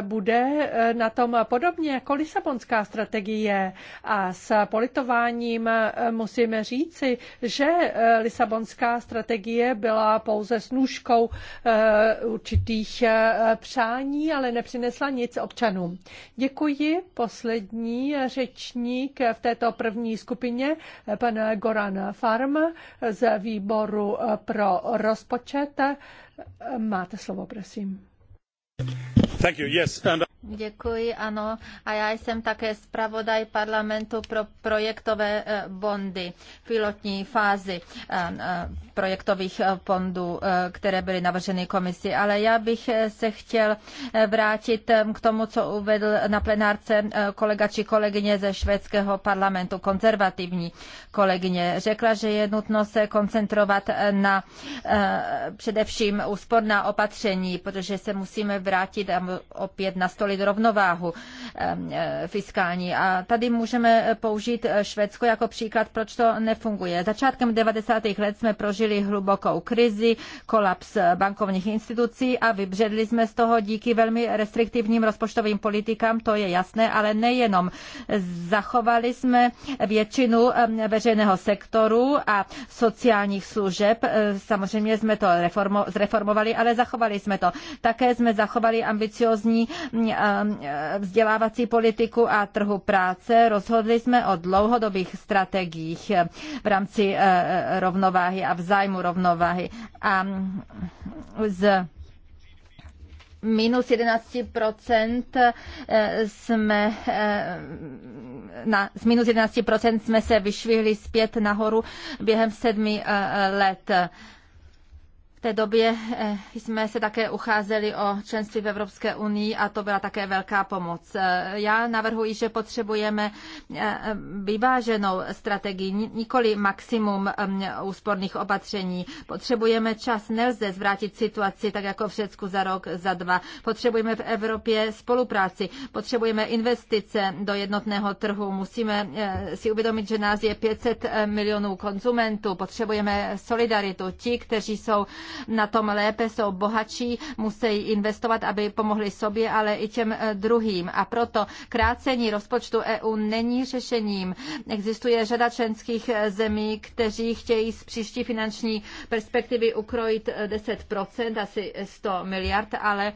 bude eh, na tom podobně jako Lisabonská strategie. A s politováním eh, musíme říci, že eh, Lisabonská strategie byla pouze snůžkou určitých přání, ale nepřinesla nic občanům. Děkuji. Poslední řečník v této první skupině, pan Goran Farm z výboru pro rozpočet. Máte slovo, prosím. Thank you. Yes, and Děkuji, ano. A já jsem také zpravodaj parlamentu pro projektové eh, bondy, pilotní fázi eh, eh, projektových fondů, které byly navrženy komisi. Ale já bych se chtěl vrátit k tomu, co uvedl na plenárce kolega či kolegyně ze švédského parlamentu, konzervativní kolegyně. Řekla, že je nutno se koncentrovat na především úsporná opatření, protože se musíme vrátit opět na stole nastolit rovnováhu e, fiskální. A tady můžeme použít Švédsko jako příklad, proč to nefunguje. Začátkem 90. let jsme prožili hlubokou krizi, kolaps bankovních institucí a vybředli jsme z toho díky velmi restriktivním rozpočtovým politikám, to je jasné, ale nejenom. Zachovali jsme většinu veřejného sektoru a sociálních služeb. E, samozřejmě jsme to reformo, zreformovali, ale zachovali jsme to. Také jsme zachovali ambiciozní Um, vzdělávací politiku a trhu práce, rozhodli jsme o dlouhodobých strategiích v rámci uh, rovnováhy a v zájmu rovnováhy. A z minus 11% uh, jsme uh, na, z minus 11% jsme se vyšvihli zpět nahoru během sedmi let. V té době eh, jsme se také ucházeli o členství v Evropské unii a to byla také velká pomoc. Eh, já navrhuji, že potřebujeme eh, vyváženou strategii, nikoli maximum ehm, úsporných opatření. Potřebujeme čas, nelze zvrátit situaci tak jako v Řecku za rok, za dva. Potřebujeme v Evropě spolupráci, potřebujeme investice do jednotného trhu, musíme si uvědomit, že nás je 500 milionů konzumentů, potřebujeme solidaritu. Ti, kteří jsou na tom lépe, jsou bohatší, musí investovat, aby pomohli sobě, ale i těm eh, druhým. A proto krácení rozpočtu EU není řešením. Existuje řada členských eh, zemí, kteří chtějí z příští finanční perspektivy ukrojit 10%, eh, asi 100 miliard, ale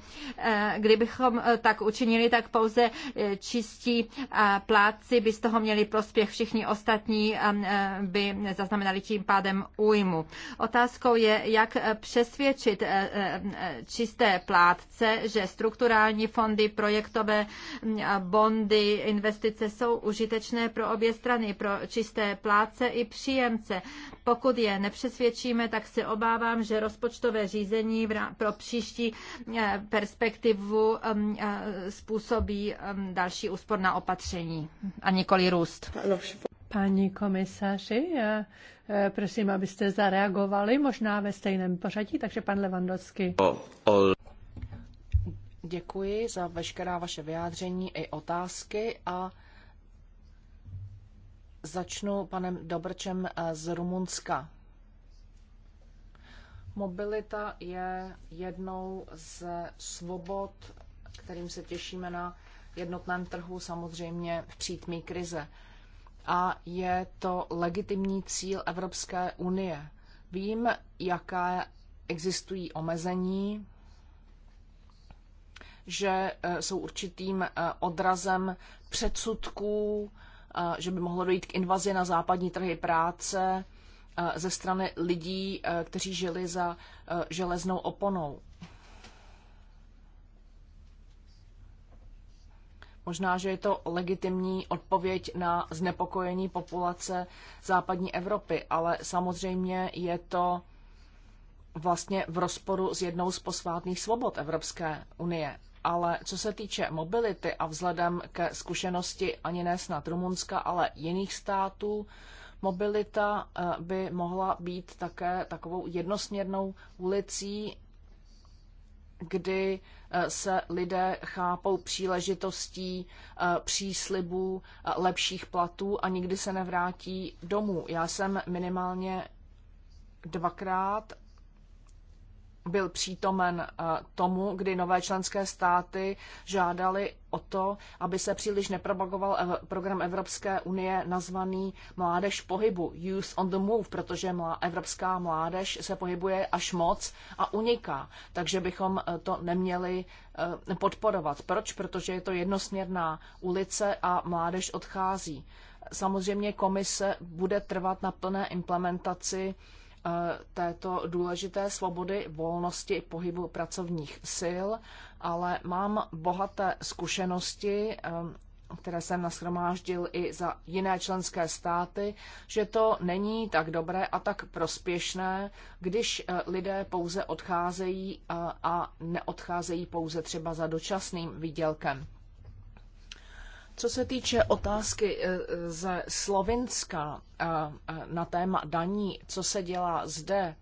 kdybychom tak učinili, tak pouze čistí plátci by z toho měli prospěch, všichni ostatní by zaznamenali tím pádem újmu. Otázkou je, jak přesvědčit eh, eh, eh, čisté plátce, že strukturální fondy, projektové mm, bondy, investice jsou užitečné pro obě strany, pro čisté plátce i příjemce. Pokud je nepřesvědčíme, tak se obávám, že rozpočtové řízení pro příští perspektivu mm, způsobí mm, další úsporná opatření a nikoli růst. Páni komisaři, eh, eh, prosím, abyste zareagovali, možná ve stejném pořadí, takže pan Levandovský. Děkuji za veškerá vaše vyjádření i otázky a začnu panem Dobrčem eh, z Rumunska. Mobilita je jednou z svobod, kterým se těšíme na jednotném trhu, samozřejmě v přítmí krize a je to legitimní cíl Evropské unie. Vím, jaká existují omezení, že e, jsou určitým e, odrazem předsudků, e, že by mohlo dojít k invazi na západní trhy práce ze strany lidí, kteří žili za železnou oponou. Možná, že je to legitimní odpověď na znepokojení populace západní Evropy, ale samozřejmě je to vlastně v rozporu s jednou z posvátných svobod Evropské unie. Ale co se týče mobility a vzhledem ke zkušenosti ani ne snad Rumunska, ale jiných států, mobilita eh, by mohla být také takovou jednosměrnou ulicí, kdy eh, se lidé chápou příležitostí eh, příslibů eh, lepších platů a nikdy se nevrátí domů. Já jsem minimálně dvakrát byl přítomen eh, tomu, kdy nové členské státy žádali o to, aby se příliš nepropagoval eh, program Evropské unie nazvaný Mládež v pohybu, Youth on the Move, protože evropská mládež se pohybuje až moc a uniká. Takže bychom eh, to neměli podporovat. Proč? Protože je to jednosměrná ulice a mládež odchází. Samozřejmě komise bude trvat na plné implementaci Eh, této důležité svobody, volnosti pohybu pracovních sil, ale mám bohaté zkušenosti, eh, které jsem nashromáždil i za jiné členské státy, že to není tak dobré a tak prospěšné, když eh, lidé pouze odcházejí a neodcházejí pouze třeba za dočasným výdělkem. Co se týče otázky eh, eh, ze Slovinska eh, na téma daní, co se dělá zde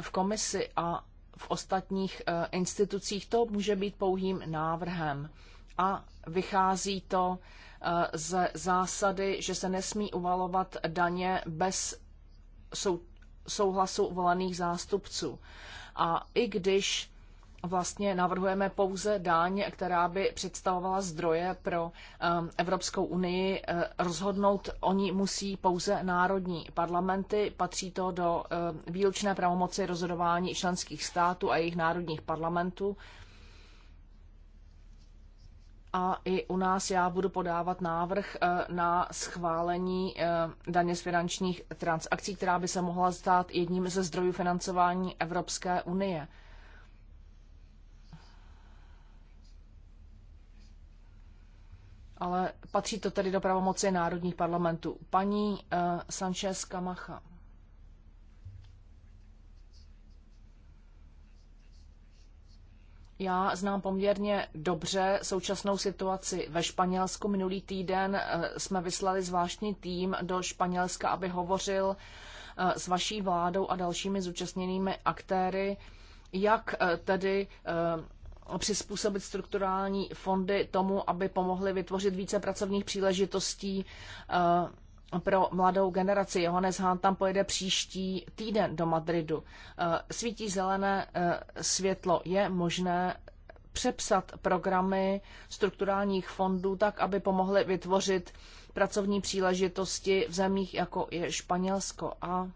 v komisi a v ostatních institucích, to může být pouhým návrhem. A vychází to ze zásady, že se nesmí uvalovat daně bez souhlasu volených zástupců. A i když vlastně navrhujeme pouze daň, která by představovala zdroje pro um, Evropskou unii. Eh, rozhodnout oni musí pouze národní parlamenty. Patří to do eh, výlučné pravomoci rozhodování členských států a jejich národních parlamentů. A i u nás já budu podávat návrh eh, na schválení daně z finančních transakcí, která by se mohla stát jedním ze zdrojů financování Evropské unie ale patří to tedy do pravomoci národních parlamentů. Paní eh, Sanchez Camacha. Já znám poměrně dobře současnou situaci ve Španělsku. Minulý týden eh, jsme vyslali zvláštní tým do Španělska, aby hovořil eh, s vaší vládou a dalšími zúčastněnými aktéry, jak tedy přizpůsobit strukturální fondy tomu, aby pomohly vytvořit více pracovních příležitostí eh, pro mladou generaci. Johannes Hahn tam pojede příští týden do Madridu. Eh, svítí zelené eh, světlo. Je možné přepsat programy strukturálních fondů tak, aby pomohly vytvořit pracovní příležitosti v zemích, jako je Španělsko. A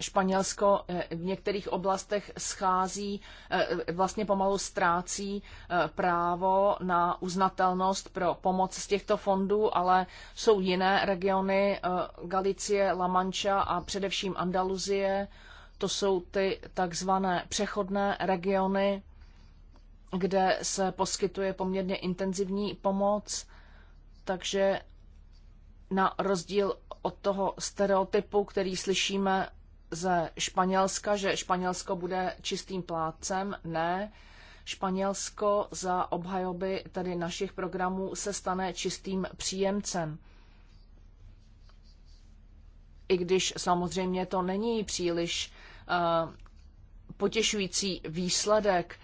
Španělsko eh, v některých oblastech schází, eh, vlastně pomalu ztrácí eh, právo na uznatelnost pro pomoc z těchto fondů, ale jsou jiné regiony Galicie, La Mancha a především Andaluzie. To jsou ty takzvané přechodné regiony, kde se poskytuje poměrně intenzivní pomoc, takže na rozdíl od toho stereotypu, který slyšíme ze Španělska, že Španělsko bude čistým plátcem. Ne, Španělsko za obhajoby tedy našich programů se stane čistým příjemcem. I když samozřejmě to není příliš uh, potěšující výsledek,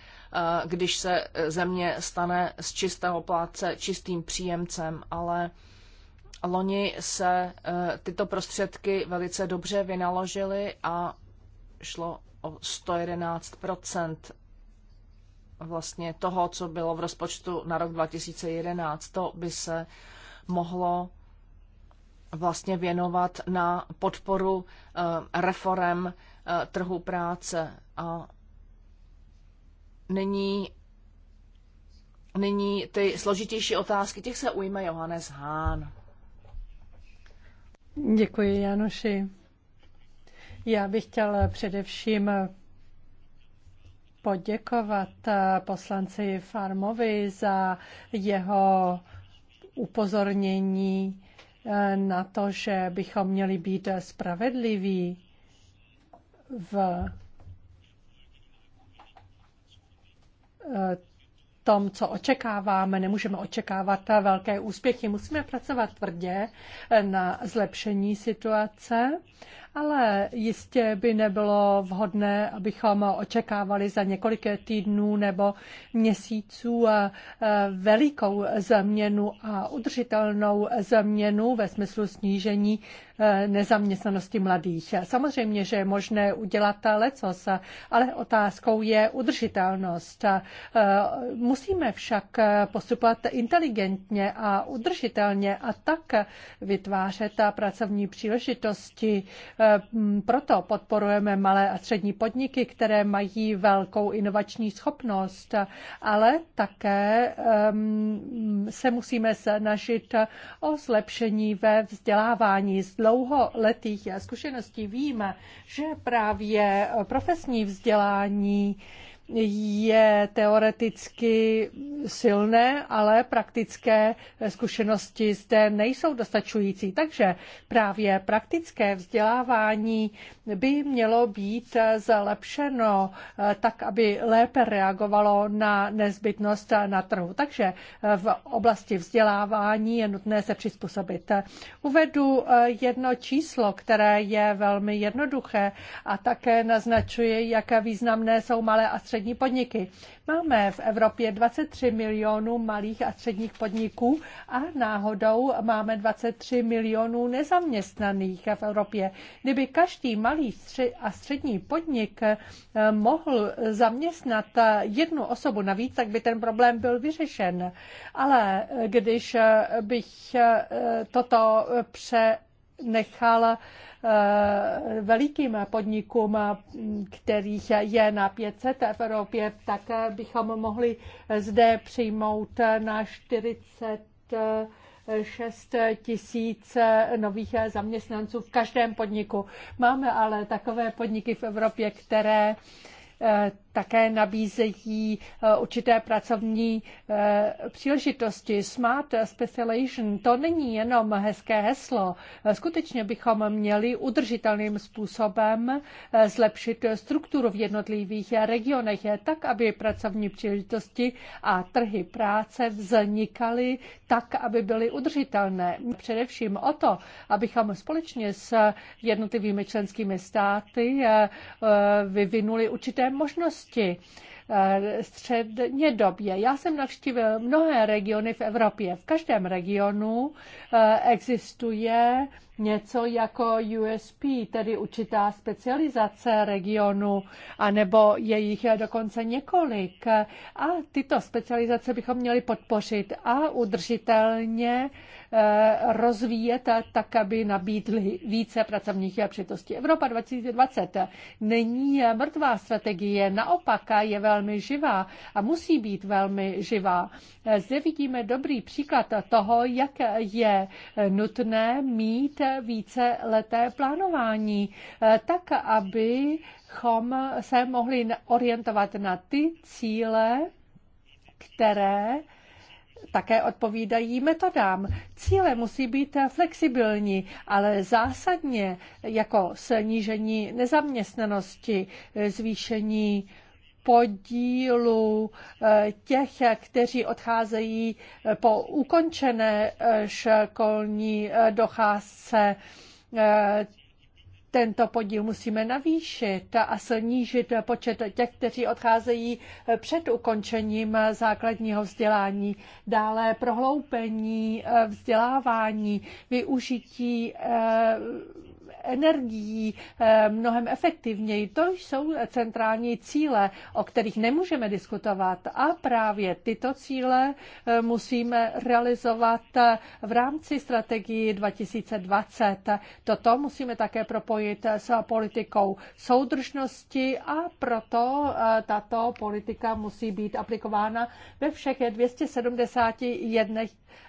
uh, když se eh, země stane z čistého plátce čistým příjemcem, ale uh, loni se eh, tyto prostředky velice dobře vynaložily a šlo o 111 vlastně toho, co bylo v rozpočtu na rok 2011. To by se mohlo vlastně věnovat na podporu eh, reform eh, trhu práce. A nyní, nyní ty složitější otázky, těch se ujme Johannes Hahn. Děkuji, Janoši. Já bych chtěl především poděkovat poslanci Farmovi za jeho upozornění na to, že bychom měli být spravedliví v tom, co očekáváme. Nemůžeme očekávat velké úspěchy. Musíme pracovat tvrdě na zlepšení situace ale jistě by nebylo vhodné, abychom očekávali za několik týdnů nebo měsíců eh, eh, velikou změnu a udržitelnou změnu ve smyslu snížení eh, nezaměstnanosti mladých. Samozřejmě, že je možné udělat lecos, ale otázkou je udržitelnost. Musíme však postupovat inteligentně a udržitelně a tak vytvářet pracovní příležitosti Ehm, proto podporujeme malé a střední podniky, které mají velkou inovační schopnost, ale také ehm, se musíme snažit o zlepšení ve vzdělávání. Z dlouholetých zkušeností víme, že právě profesní vzdělání je teoreticky silné, ale praktické zkušenosti zde nejsou dostačující. Takže právě praktické vzdělávání by mělo být zlepšeno tak, aby lépe reagovalo na nezbytnost na trhu. Takže v oblasti vzdělávání je nutné se přizpůsobit. Uvedu eh, jedno číslo, které je velmi jednoduché a také naznačuje, jaké významné jsou malé a střední podniky. Máme v Evropě 23 milionů malých a středních podniků a náhodou máme 23 milionů nezaměstnaných v Evropě. Kdyby každý malý a střední podnik eh, mohl zaměstnat eh, jednu osobu navíc, tak by ten problém byl vyřešen. Ale eh, když bych toto pře nechal eh, velikým podnikům, kterých je na 500 v Evropě, tak bychom mohli zde přijmout na 40 6 tisíc nových zaměstnanců v každém podniku. Máme ale takové podniky v Evropě, které eh, také nabízejí eh, určité pracovní eh, příležitosti. Smart Specialization to není jenom hezké heslo. Eh, skutečně bychom měli udržitelným způsobem zlepšit strukturu v jednotlivých regionech tak, aby pracovní příležitosti a trhy práce vznikaly tak, aby byly udržitelné. Především o to, abychom společně s jednotlivými členskými státy vyvinuli určité možnosti minulosti, eh, středně době. Já jsem navštívil mnohé regiony v Evropě. V každém regionu eh, existuje něco jako USP, tedy určitá specializace regionu, anebo je jich dokonce několik. A tyto specializace bychom měli podpořit a udržitelně eh, rozvíjet tak, aby nabídly více pracovních příležitostí. Evropa 2020 není mrtvá strategie, naopak je velmi živá a musí být velmi živá. Zde vidíme dobrý příklad toho, jak je nutné mít více leté plánování, eh, tak abychom se mohli orientovat na ty cíle, které také odpovídají metodám. Cíle musí být flexibilní, ale zásadně jako snížení nezaměstnanosti, zvýšení podílu eh, těch, kteří odcházejí eh, po ukončené eh, školní docházce tento podíl musíme navýšit a snížit počet těch, kteří odcházejí před ukončením základního vzdělání. Dále prohloupení vzdělávání, využití energií eh, mnohem efektivněji. To jsou centrální cíle, o kterých nemůžeme diskutovat a právě tyto cíle eh, musíme realizovat eh, v rámci strategii 2020. Toto musíme také propojit s politikou soudržnosti a proto tato politika musí být aplikována ve všech 271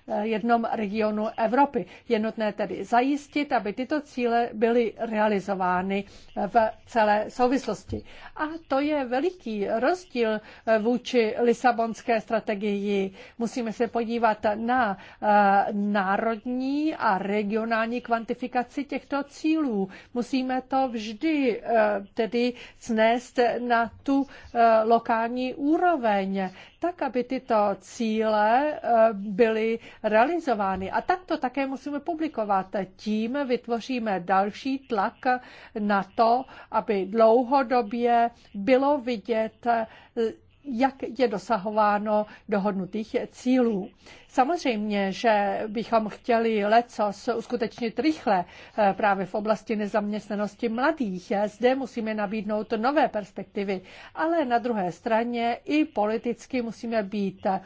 Eh, jednom regionu Evropy. Je nutné tedy zajistit, aby tyto cíle byly realizovány v celé souvislosti. A to je veliký rozdíl eh, vůči Lisabonské strategii. Musíme se podívat na eh, národní a regionální kvantifikaci těchto cílů. Musíme to vždy tedy snést na tu lokální úroveň tak, aby tyto cíle eh, byly realizovány. A tak to také musíme publikovat. Tím vytvoříme další tlak na to, aby dlouhodobě bylo vidět, eh, jak je dosahováno dohodnutých cílů. Samozřejmě, že bychom chtěli lecos uskutečnit rychle eh, právě v oblasti nezaměstnanosti mladých. Zde musíme nabídnout nové perspektivy, ale na druhé straně i politicky musíme být eh,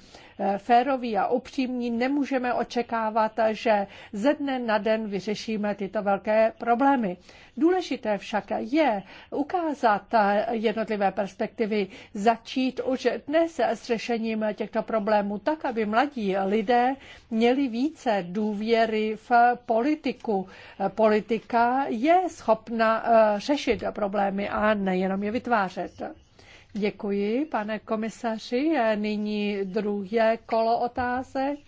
féroví a upřímní. Nemůžeme očekávat, že ze dne na den vyřešíme tyto velké problémy. Důležité však je ukázat eh, jednotlivé perspektivy, začít už dnes s řešením těchto problémů tak, aby mladí lidé lidé měli více důvěry v politiku. Politika je schopna eh, řešit problémy a nejenom je vytvářet. Děkuji, pane komisaři. Eh, nyní druhé kolo otázek.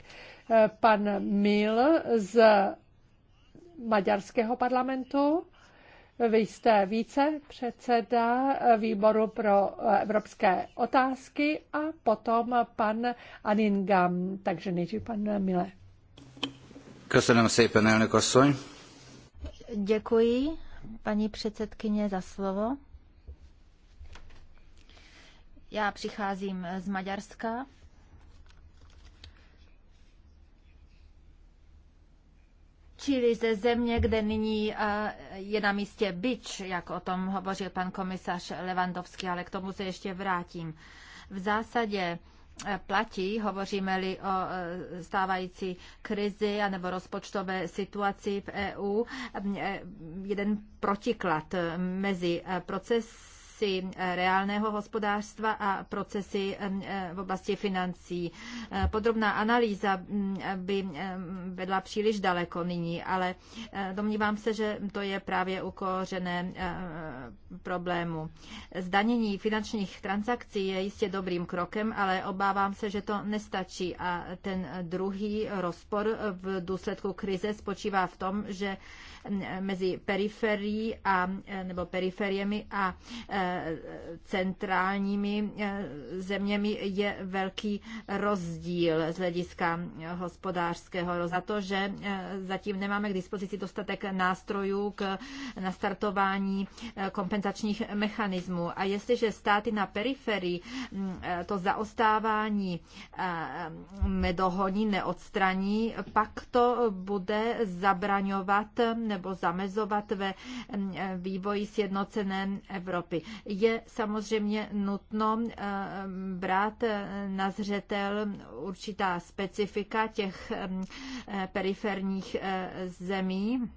Eh, pan Mil z maďarského parlamentu. Vy jste více předseda výboru pro evropské otázky a potom pan Aningam. Takže nejdřív pan Mile. Děkuji, paní předsedkyně, za slovo. Já přicházím z Maďarska Čili ze země, kde nyní eh, je na místě byč, jak o tom hovořil pan komisař Levandovský, ale k tomu se ještě vrátím. V zásadě eh, platí, hovoříme-li o eh, stávající krizi anebo rozpočtové situaci v EU, jeden protiklad mezi proces procesy eh, reálného hospodářstva a procesy eh, v oblasti financí. Eh, podrobná analýza mm, by vedla příliš daleko nyní, ale domnívám se, že to je právě ukořené problému. Zdanění finančních transakcí je jistě dobrým krokem, ale obávám se, že to nestačí a ten druhý rozpor v důsledku krize spočívá v tom, že mezi periferií a, nebo periferiemi a e, centrálními e, zeměmi je velký rozdíl z hlediska hospodářského. Za to, že e, zatím nemáme k dispozici dostatek nástrojů k nastartování kompenzačních mechanismů. A jestliže státy na periferii to zaostávání nedohoní, neodstraní, pak to bude zabraňovat nebo zamezovat ve mm, e, vývoji sjednocené Evropy. Je samozřejmě nutno e, brát e, na zřetel určitá specifika těch mm, periferních zemí,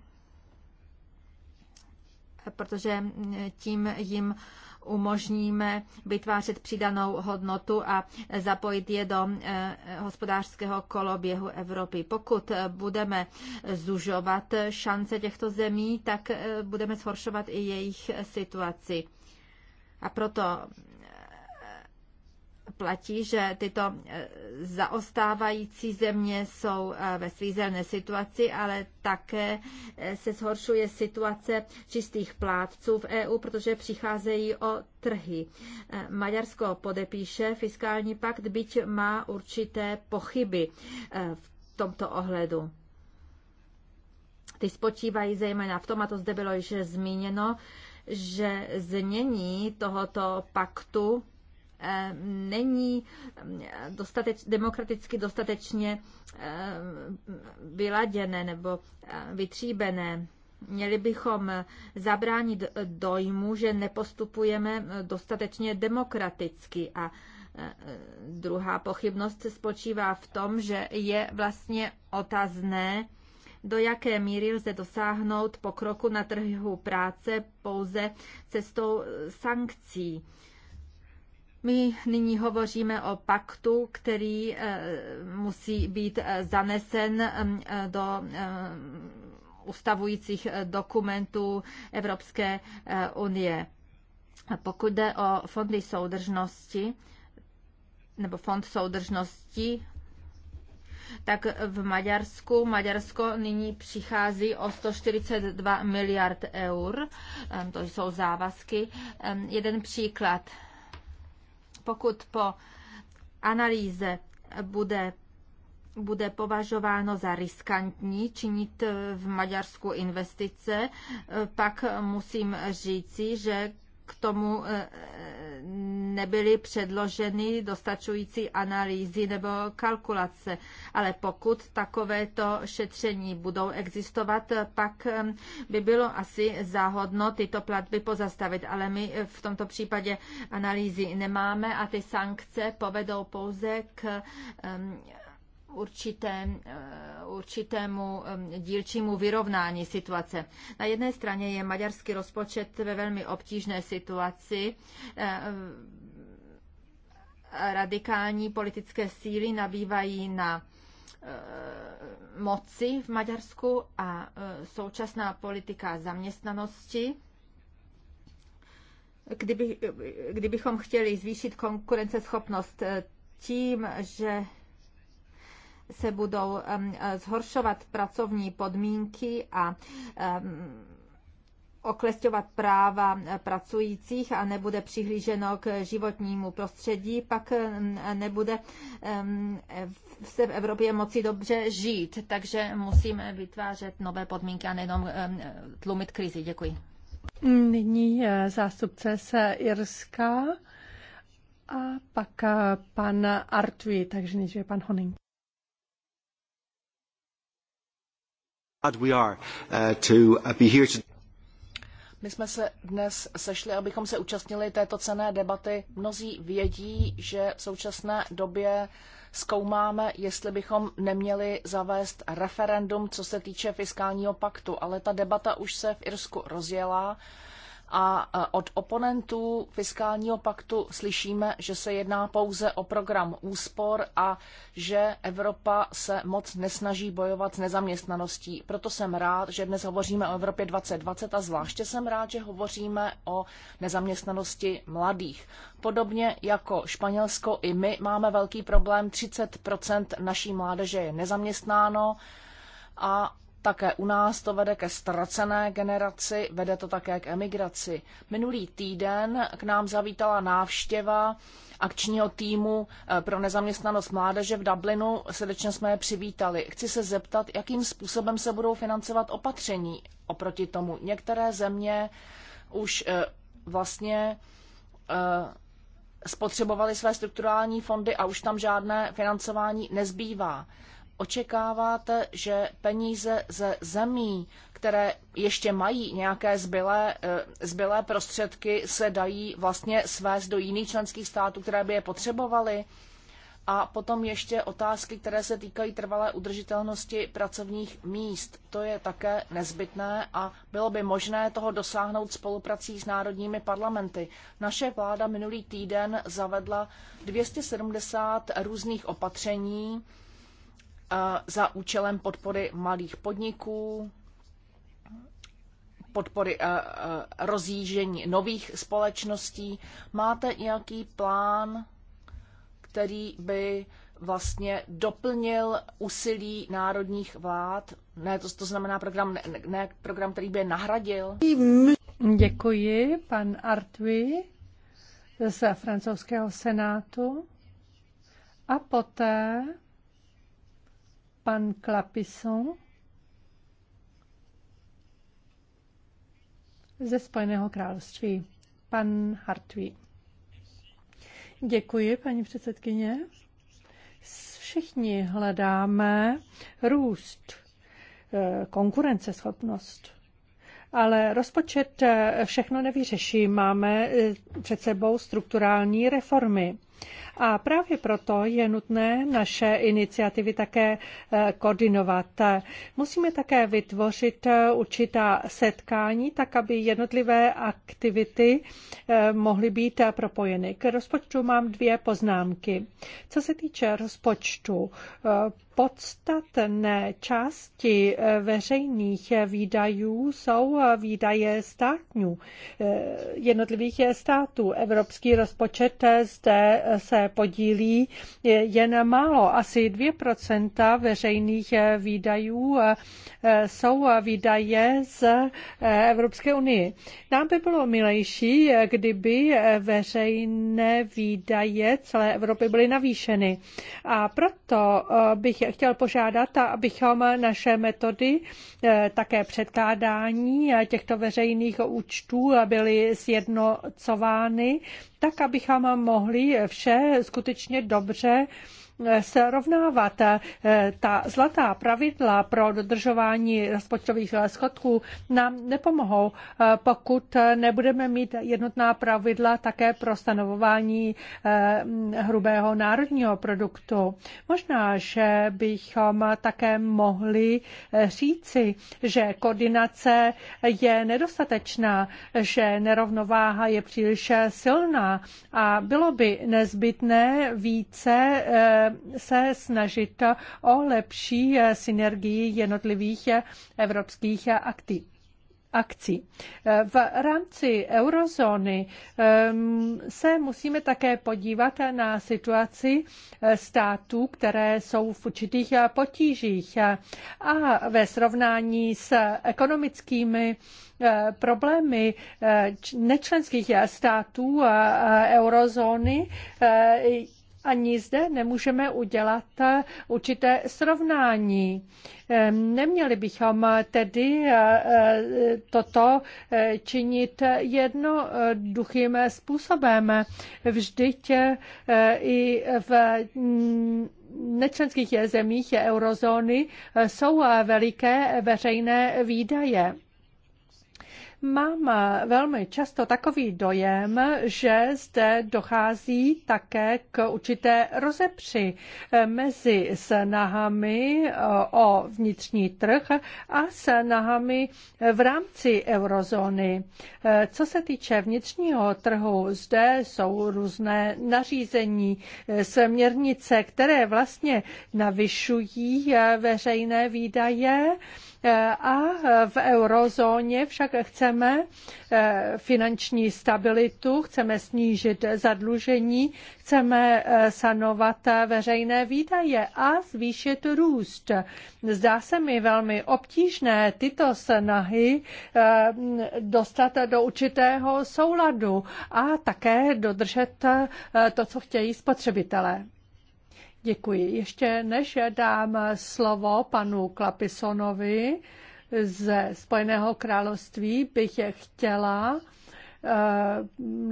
protože mm, tím jim umožníme vytvářet přidanou hodnotu a zapojit je do eh, hospodářského koloběhu Evropy. Pokud eh, budeme zužovat eh, šance těchto zemí, tak budeme zhoršovat i jejich situaci. A proto platí, že tyto eh, zaostávající země jsou eh, ve svízelné situaci, ale také eh, se zhoršuje situace čistých plátců v EU, protože přicházejí o trhy. Maďarsko podepíše fiskální pakt, byť má určité pochyby v tomto ohledu. Ty spočívají zejména v tom, a to zde bylo již zmíněno, že znění tohoto paktu Eh, není eh, dostateč, demokraticky dostatečně eh, vyladěné nebo vytříbené. Měli bychom zabránit dojmu, že nepostupujeme dostatečně demokraticky a druhá pochybnost spočívá v tom, že je vlastně otazné, do jaké míry lze dosáhnout pokroku na trhu práce pouze cestou sankcí. My nyní hovoříme o paktu, který eh, musí být eh, zanesen mm, eh, do ustavujících dokumentů Evropské unie. Pokud jde o fondy soudržnosti, nebo fond soudržnosti, tak v Maďarsku Maďarsko nyní přichází o 142 miliard eur. To jsou závazky. Jeden příklad pokud po analýze bude bude považováno za riskantní činit v Maďarsku investice, eh, pak musím říci, že k tomu eh, nebyly předloženy dostačující analýzy nebo kalkulace. Ale pokud takovéto šetření budou existovat, pak by bylo asi záhodno tyto platby pozastavit. Ale my v tomto případě analýzy nemáme a ty sankce povedou pouze k určité, eh, určitému eh, dílčímu vyrovnání situace. Na jedné straně je maďarský rozpočet ve velmi obtížné situaci eh, radikální politické síly nabývají na moci v Maďarsku a současná politika zaměstnanosti. Kdyby, kdybychom chtěli zvýšit konkurenceschopnost tím, že se budou e, zhoršovat pracovní podmínky a oklesťovat práva e, pracujících a nebude přihlíženo k životnímu prostředí, pak nebude se v Evropě moci dobře žít. Takže musíme vytvářet nové podmínky a nejenom tlumit krizi. Děkuji. Nyní e, zástupce se Irska a pak pan Artvi, takže nejdříve pan Honing. Uh, uh, My jsme se dnes sešli, abychom se účastnili této cené debaty. Mnozí vědí, že v současné době zkoumáme, jestli bychom neměli zavést referendum, co se týče fiskálního paktu, ale ta debata už se v Irsku rozjela a e, od oponentů fiskálního paktu slyšíme, že se jedná pouze o program úspor a že Evropa se moc nesnaží bojovat s nezaměstnaností. Proto jsem rád, že dnes hovoříme o Evropě 2020 a zvláště jsem rád, že hovoříme o nezaměstnanosti mladých. Podobně jako Španělsko i my máme velký problém, 30 naší mládeže je nezaměstnáno a také u nás to vede ke ztracené generaci, vede to také k emigraci. Minulý týden k nám zavítala návštěva akčního týmu eh, pro nezaměstnanost mládeže v Dublinu. Srdečně jsme je přivítali. Chci se zeptat, jakým způsobem se budou financovat opatření oproti tomu. Některé země už eh, vlastně eh, spotřebovali své strukturální fondy a už tam žádné financování nezbývá očekáváte, že peníze ze zemí, které ještě mají nějaké zbylé, eh, zbylé prostředky, se dají vlastně svést do jiných členských států, které by je potřebovaly? A potom ještě otázky, které se týkají trvalé udržitelnosti pracovních míst. To je také nezbytné a bylo by možné toho dosáhnout spoluprací s národními parlamenty. Naše vláda minulý týden zavedla 270 různých opatření, za účelem podpory malých podniků, podpory rozjíždění nových společností. Máte nějaký plán, který by vlastně doplnil úsilí národních vlád? Ne, to, to znamená program, ne, ne program, který by je nahradil. Děkuji, pan Artvi z francouzského senátu. A poté Pan Clapisson ze Spojeného království. Pan Hartwig. Děkuji, paní předsedkyně. Všichni hledáme růst, eh, konkurenceschopnost. Ale rozpočet eh, všechno nevyřeší. Máme eh, před sebou strukturální reformy. A právě proto je nutné naše iniciativy také eh, koordinovat. Musíme také vytvořit eh, určitá setkání, tak aby jednotlivé aktivity eh, mohly být propojeny. K rozpočtu mám dvě poznámky. Co se týče rozpočtu, podstatné části veřejných výdajů jsou výdaje státní, jednotlivých států. Evropský rozpočet zde se podílí jen málo. Asi 2 veřejných výdajů eh, jsou výdaje z eh, Evropské unie. Nám by bylo milejší, eh, kdyby veřejné výdaje celé Evropy byly navýšeny. A proto bych chtěl požádat, abychom naše metody také předkládání těchto veřejných účtů byly sjednocovány tak abychom mohli vše skutečně dobře srovnávat eh, ta zlatá pravidla pro dodržování rozpočtových eh, schodků nám nepomohou, eh, pokud nebudeme mít jednotná pravidla také pro stanovování hrubého národního produktu. Možná, že bychom také mohli říci, že koordinace je nedostatečná, že nerovnováha je příliš silná a bylo by nezbytné více se snažit o lepší synergii jednotlivých evropských aktiv akcí. V rámci eurozóny se musíme také podívat na situaci států, které jsou v určitých potížích a ve srovnání s ekonomickými eh, problémy eh, nečlenských států eh, eurozóny ani zde nemůžeme udělat eh, určité srovnání. Ehm, neměli bychom tedy eh, eh, toto činit jednoduchým způsobem. Vždyť i v mm, nečlenských zemích eurozóny jsou veliké veřejné výdaje. Mám eh, velmi často takový dojem, že zde dochází také k určité rozepři eh, mezi snahami eh, o vnitřní trh a snahami v rámci eurozóny. Co se týče vnitřního trhu, zde jsou různé nařízení, směrnice, které vlastně navyšují veřejné výdaje a v eurozóně však chceme eh, finanční stabilitu, chceme snížit zadlužení, chceme eh, sanovat eh, veřejné výdaje a zvýšit růst. Zdá se mi velmi obtížné tyto snahy dostat do určitého souladu a také dodržet to, co chtějí spotřebitelé. Děkuji. Ještě než dám slovo panu Klapisonovi ze Spojeného království, bych je chtěla eh,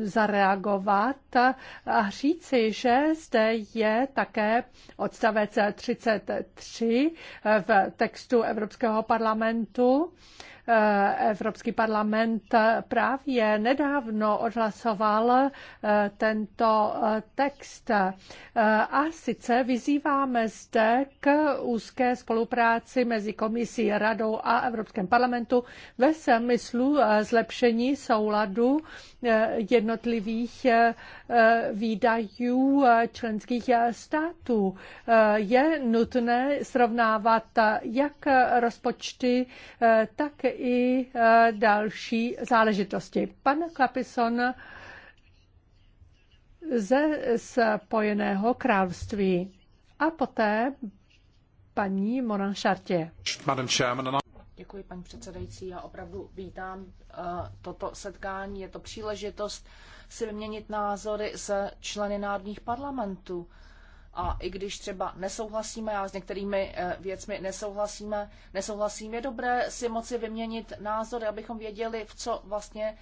zareagovat a říci, že zde je také odstavec 33 eh, v textu Evropského parlamentu, Eh, Evropský parlament právě nedávno odhlasoval eh, tento eh, text. A sice vyzýváme zde k úzké spolupráci mezi komisí, radou a Evropském parlamentu ve smyslu zlepšení souladu jednotlivých výdajů členských států. Je nutné srovnávat jak rozpočty, tak i e, další záležitosti. Pan Kapison ze Spojeného království a poté paní Moran Šartě. Děkuji, paní předsedající. Já opravdu vítám e, toto setkání. Je to příležitost si vyměnit názory se členy národních parlamentů a i když třeba nesouhlasíme, já s některými eh, věcmi nesouhlasíme, nesouhlasím, je dobré si moci vyměnit názory, abychom věděli, v co vlastně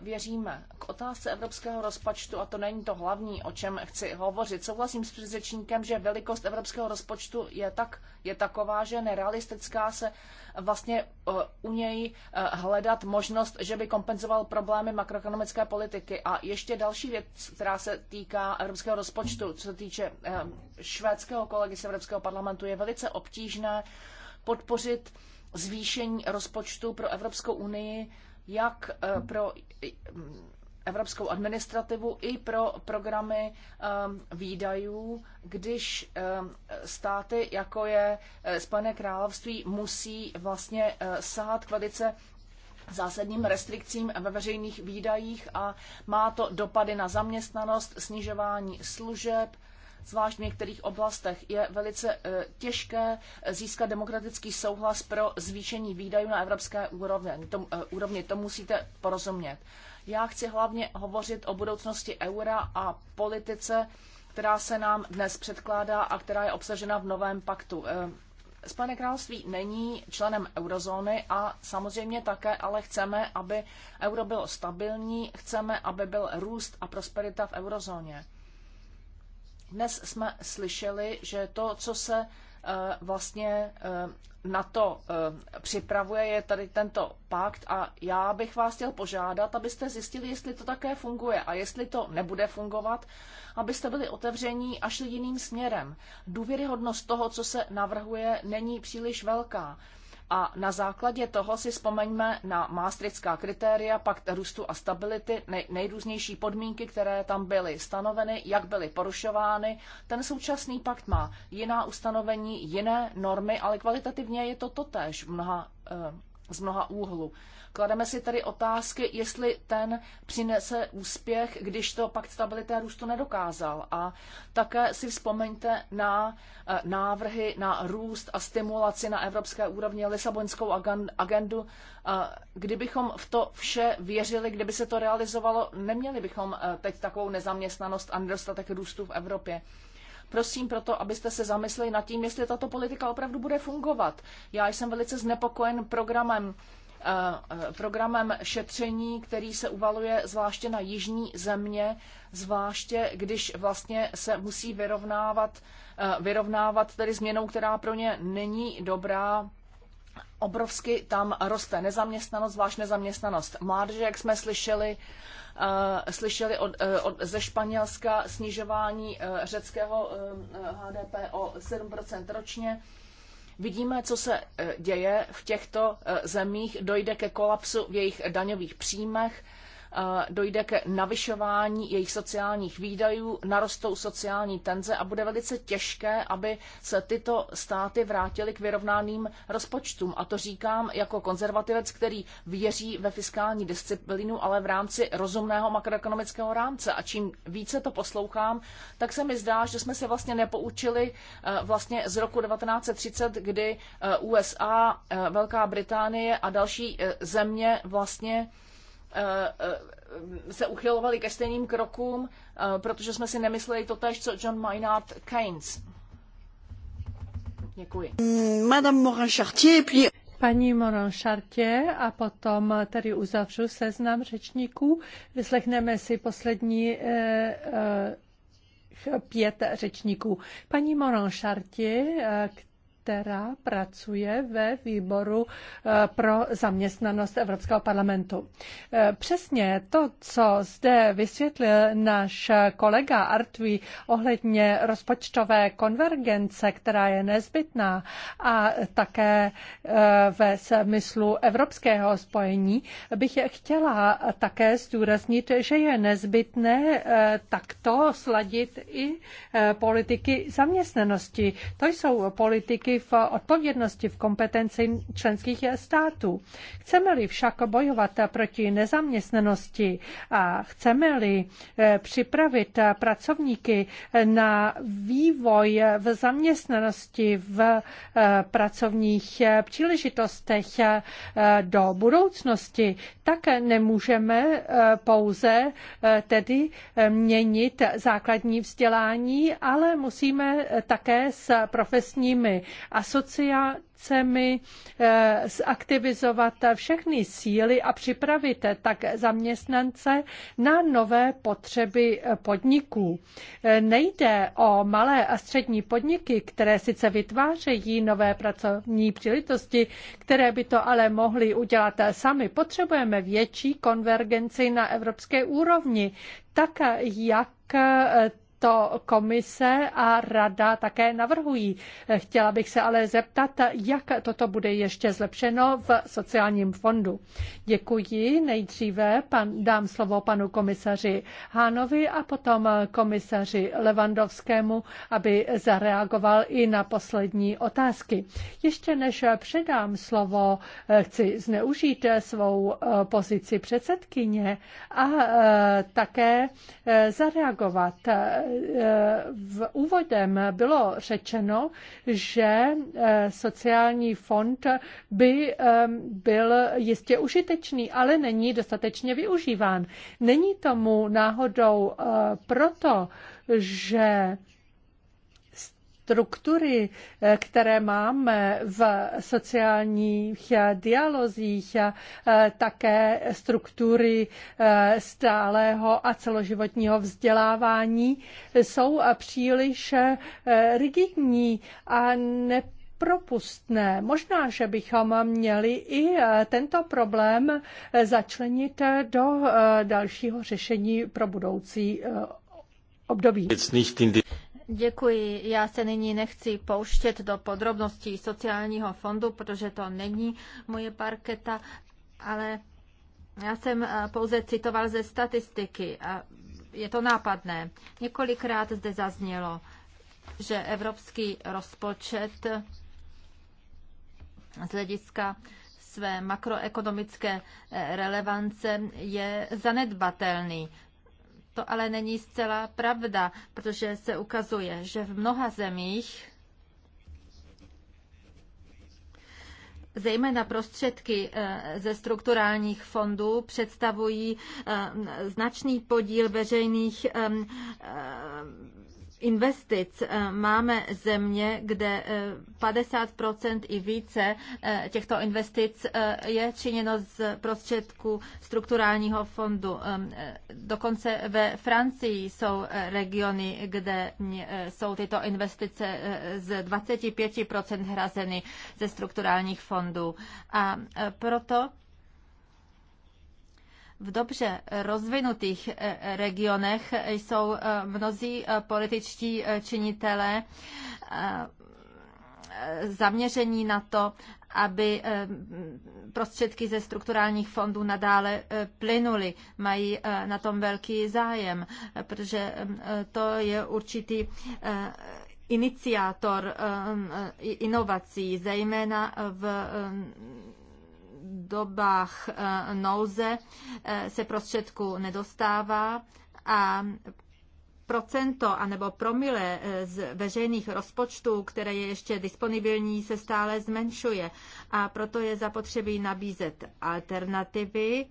věříme. K otázce evropského rozpočtu, a to není to hlavní, o čem chci hovořit, souhlasím s předřečníkem, že velikost evropského rozpočtu je, tak, je taková, že nerealistická se vlastně eh, u něj eh, hledat možnost, že by kompenzoval problémy makroekonomické politiky. A ještě další věc, která se týká evropského rozpočtu, co se týče eh, švédského kolegy z Evropského parlamentu, je velice obtížné podpořit zvýšení rozpočtu pro Evropskou unii jak eh, pro mm, evropskou administrativu i pro programy eh, výdajů, když eh, státy, jako je Spojené království, musí vlastně sahat k velice zásadním restrikcím ve veřejných výdajích a má to dopady na zaměstnanost, snižování služeb, zvlášť v některých oblastech, je velice eh, těžké eh, získat demokratický souhlas pro zvýšení výdajů na evropské úrovni. Eh, úrovni. To musíte porozumět. Já chci hlavně hovořit o budoucnosti eura a politice, která se nám dnes předkládá a která je obsažena v novém paktu. Spojené království není členem eurozóny a samozřejmě také ale chceme, aby euro bylo stabilní, chceme, aby byl růst a prosperita v eurozóně. Dnes jsme slyšeli, že to, co se eh, vlastně eh, na to eh, připravuje, je tady tento pakt a já bych vás chtěl požádat, abyste zjistili, jestli to také funguje a jestli to nebude fungovat, abyste byli otevření a šli jiným směrem. Důvěryhodnost toho, co se navrhuje, není příliš velká. A na základě toho si vzpomeňme na Maastrichtská kritéria, pakt růstu a stability, nej, nejrůznější podmínky, které tam byly stanoveny, jak byly porušovány. Ten současný pakt má jiná ustanovení, jiné normy, ale kvalitativně je to totéž v mnoha eh, z mnoha úhlu. Klademe si tedy otázky, jestli ten přinese úspěch, když to pak stability růstu nedokázal. A také si vzpomeňte na eh, návrhy na růst a stimulaci na evropské úrovni Lisabonskou agendu. Eh, kdybychom v to vše věřili, kdyby se to realizovalo, neměli bychom eh, teď takovou nezaměstnanost a nedostatek růstu v Evropě. Prosím proto, abyste se zamysleli nad tím, jestli tato politika opravdu bude fungovat. Já jsem velice znepokojen programem eh, eh, programem šetření, který se uvaluje zvláště na jižní země, zvláště když vlastně se musí vyrovnávat, eh, vyrovnávat tedy změnou, která pro ně není dobrá, obrovsky tam roste nezaměstnanost, zvlášť nezaměstnanost mládeže, jak jsme slyšeli, Eh, slyšeli od, eh, od, ze Španělska snižování eh, řeckého HDP o 7% ročně. Vidíme, co se děje v těchto zemích. Dojde ke kolapsu v jejich daňových příjmech Eh, dojde k navyšování jejich sociálních výdajů, narostou sociální tenze a bude velice těžké, aby se tyto státy vrátily k vyrovnaným rozpočtům. A to říkám jako konzervativec, který věří ve fiskální disciplínu, ale v rámci rozumného makroekonomického rámce. A čím více to poslouchám, tak se mi zdá, že jsme se vlastně nepoučili eh, vlastně z roku 1930, kdy eh, USA, Velká Británie a další země vlastně Eh, eh, se uchylovali ke stejným krokům, eh, protože jsme si nemysleli to tež, co John Maynard Keynes. Děkuji. Madame Morin Chartier, puis... Paní Moron Chartier a potom tady uzavřu seznam řečníků. Vyslechneme si poslední eh, eh, pět řečníků. Paní Moron Chartier, eh, která pracuje ve výboru eh, pro zaměstnanost Evropského parlamentu. Eh, přesně to, co zde vysvětlil náš kolega Artví ohledně rozpočtové konvergence, která je nezbytná a také eh, ve smyslu evropského spojení, bych chtěla také zdůraznit, že je nezbytné takto sladit i politiky zaměstnanosti. To jsou politiky, prvky v odpovědnosti v kompetenci členských států. Chceme-li však bojovat proti nezaměstnanosti a chceme-li eh, připravit pracovníky na vývoj v zaměstnanosti v eh, pracovních eh, příležitostech do budoucnosti, tak nemůžeme pouze tedy měnit základní vzdělání, ale musíme také s profesními asociacemi eh, zaktivizovat všechny síly a připravit tak zaměstnance na nové potřeby podniků. Eh, nejde o malé a střední podniky, které sice vytvářejí nové pracovní příležitosti, které by to ale mohly udělat sami. Potřebujeme větší konvergenci na evropské úrovni, tak jak eh, to komise a rada také navrhují. Chtěla bych se ale zeptat, jak toto bude ještě zlepšeno v sociálním fondu. Děkuji. Nejdříve pan, dám slovo panu komisaři Hánovi a potom komisaři Levandovskému, aby zareagoval i na poslední otázky. Ještě než předám slovo, chci zneužít svou eh, pozici předsedkyně a eh, také eh, zareagovat v úvodem bylo řečeno, že eh, sociální fond by ehm, byl jistě užitečný, ale není dostatečně využíván. Není tomu náhodou eh, proto, že struktury, eh, které máme v sociálních eh, dialozích, eh, také struktury stálého a celoživotního vzdělávání, jsou příliš rigidní a ne propustné. Možná, že bychom měli i tento problém začlenit do dalšího řešení pro budoucí období. Děkuji. Já se nyní nechci pouštět do podrobností sociálního fondu, protože to není moje parketa, ale já jsem eh, pouze citoval ze statistiky a je to nápadné. Několikrát zde zaznělo, že evropský rozpočet z hlediska své makroekonomické eh, relevance je zanedbatelný. To ale není zcela pravda, protože se ukazuje, že v mnoha zemích zejména prostředky eh, ze strukturálních fondů představují eh, značný podíl veřejných eh, investic eh, máme země, kde 50% eh, i více eh, těchto investic je činěno z prostředků strukturálního fondu. Dokonce ve Francii jsou regiony, kde jsou tyto investice z 25% hrazeny ze strukturálních fondů. A proto v dobře rozvinutých eh, regionech jsou eh, mnozí eh, političtí činitelé zaměření na to, aby prostředky ze strukturálních fondů nadále plynuly. Mají na tom velký zájem, protože to je určitý iniciátor inovací, zejména v dobách eh, nouze eh, se prostředku nedostává a procento anebo promile eh, z veřejných rozpočtů, které je ještě disponibilní, se stále zmenšuje a proto je zapotřebí nabízet alternativy,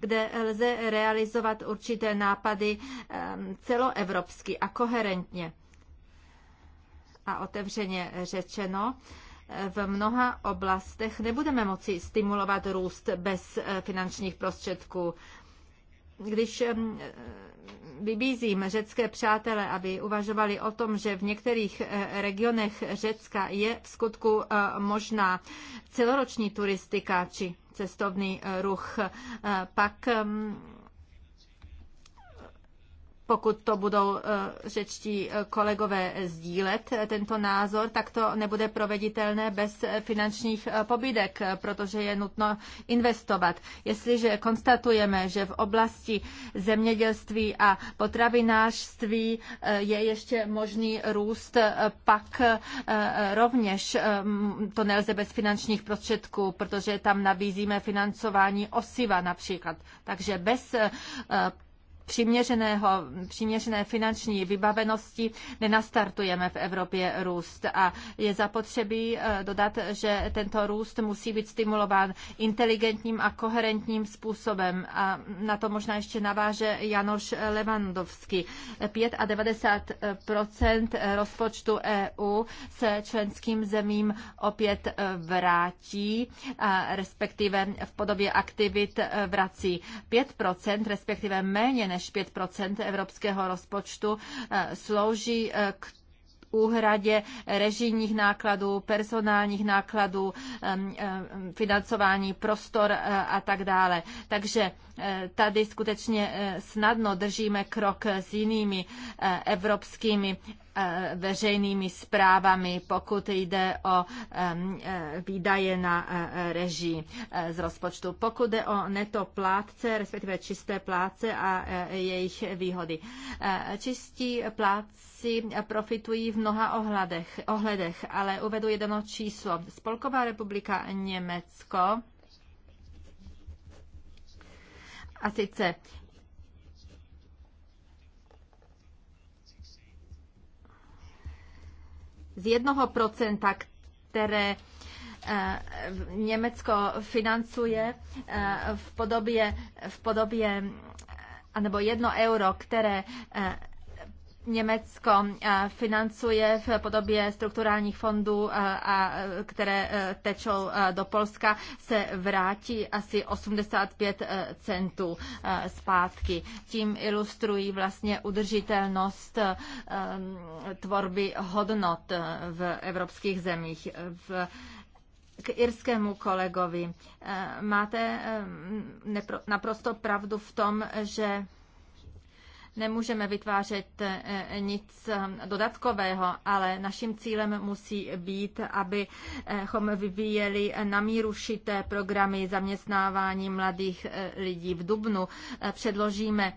kde lze realizovat určité nápady celoevropsky a koherentně. A otevřeně řečeno, v mnoha oblastech nebudeme moci stimulovat růst bez eh, finančních prostředků. Když eh, vybízím řecké přátele, aby uvažovali o tom, že v některých eh, regionech Řecka je v skutku možná celoroční turistika či cestovní ruch, pak mm, pokud to budou eh, řečtí eh, kolegové sdílet eh, tento názor, tak to nebude proveditelné bez finančních pobídek, protože je nutno investovat. Jestliže konstatujeme, že v oblasti zemědělství a potravinářství je ještě možný růst, pak rovněž to nelze bez finančních prostředků, protože tam nabízíme financování osiva například. Takže bez přiměřeného, přiměřené finanční vybavenosti nenastartujeme v Evropě růst. A je zapotřebí eh, dodat, že tento růst musí být stimulován inteligentním a koherentním způsobem. A na to možná ještě naváže Janoš Levandovský. 95 eh, eh, rozpočtu EU se členským zemím opět vrátí, respektive v podobě aktivit vrací 5 respektive méně než 5 evropského rozpočtu eh, slouží eh, k úhradě režijních nákladů, personálních nákladů, financování prostor eh, a tak dále. Takže tady skutečně snadno držíme krok s jinými evropskými Eh, veřejnými zprávami, pokud jde o eh, výdaje na eh, režii z rozpočtu. Pokud jde o neto plátce, respektive čisté plátce a jejich výhody. Čistí plátci profitují v mnoha ohledech, ohledech ale uvedu jedno číslo. Spolková republika Německo a sice z jednoho procenta, které eh, Německo financuje eh, v podobě, v podobě eh, anebo jedno euro, které Německo eh, financuje v podobě strukturálních fondů, eh, a, eh, které tečou do Polska, se vrátí asi 85 centů zpátky. Tím ilustrují vlastně udržitelnost tvorby hodnot v evropských zemích. V k irskému kolegovi. Máte naprosto pravdu v tom, že nemůžeme vytvářet eh, eh, nic eh, dodatkového, ale naším cílem musí být, abychom vyvíjeli míru šité programy zaměstnávání mladých lidí. V Dubnu předložíme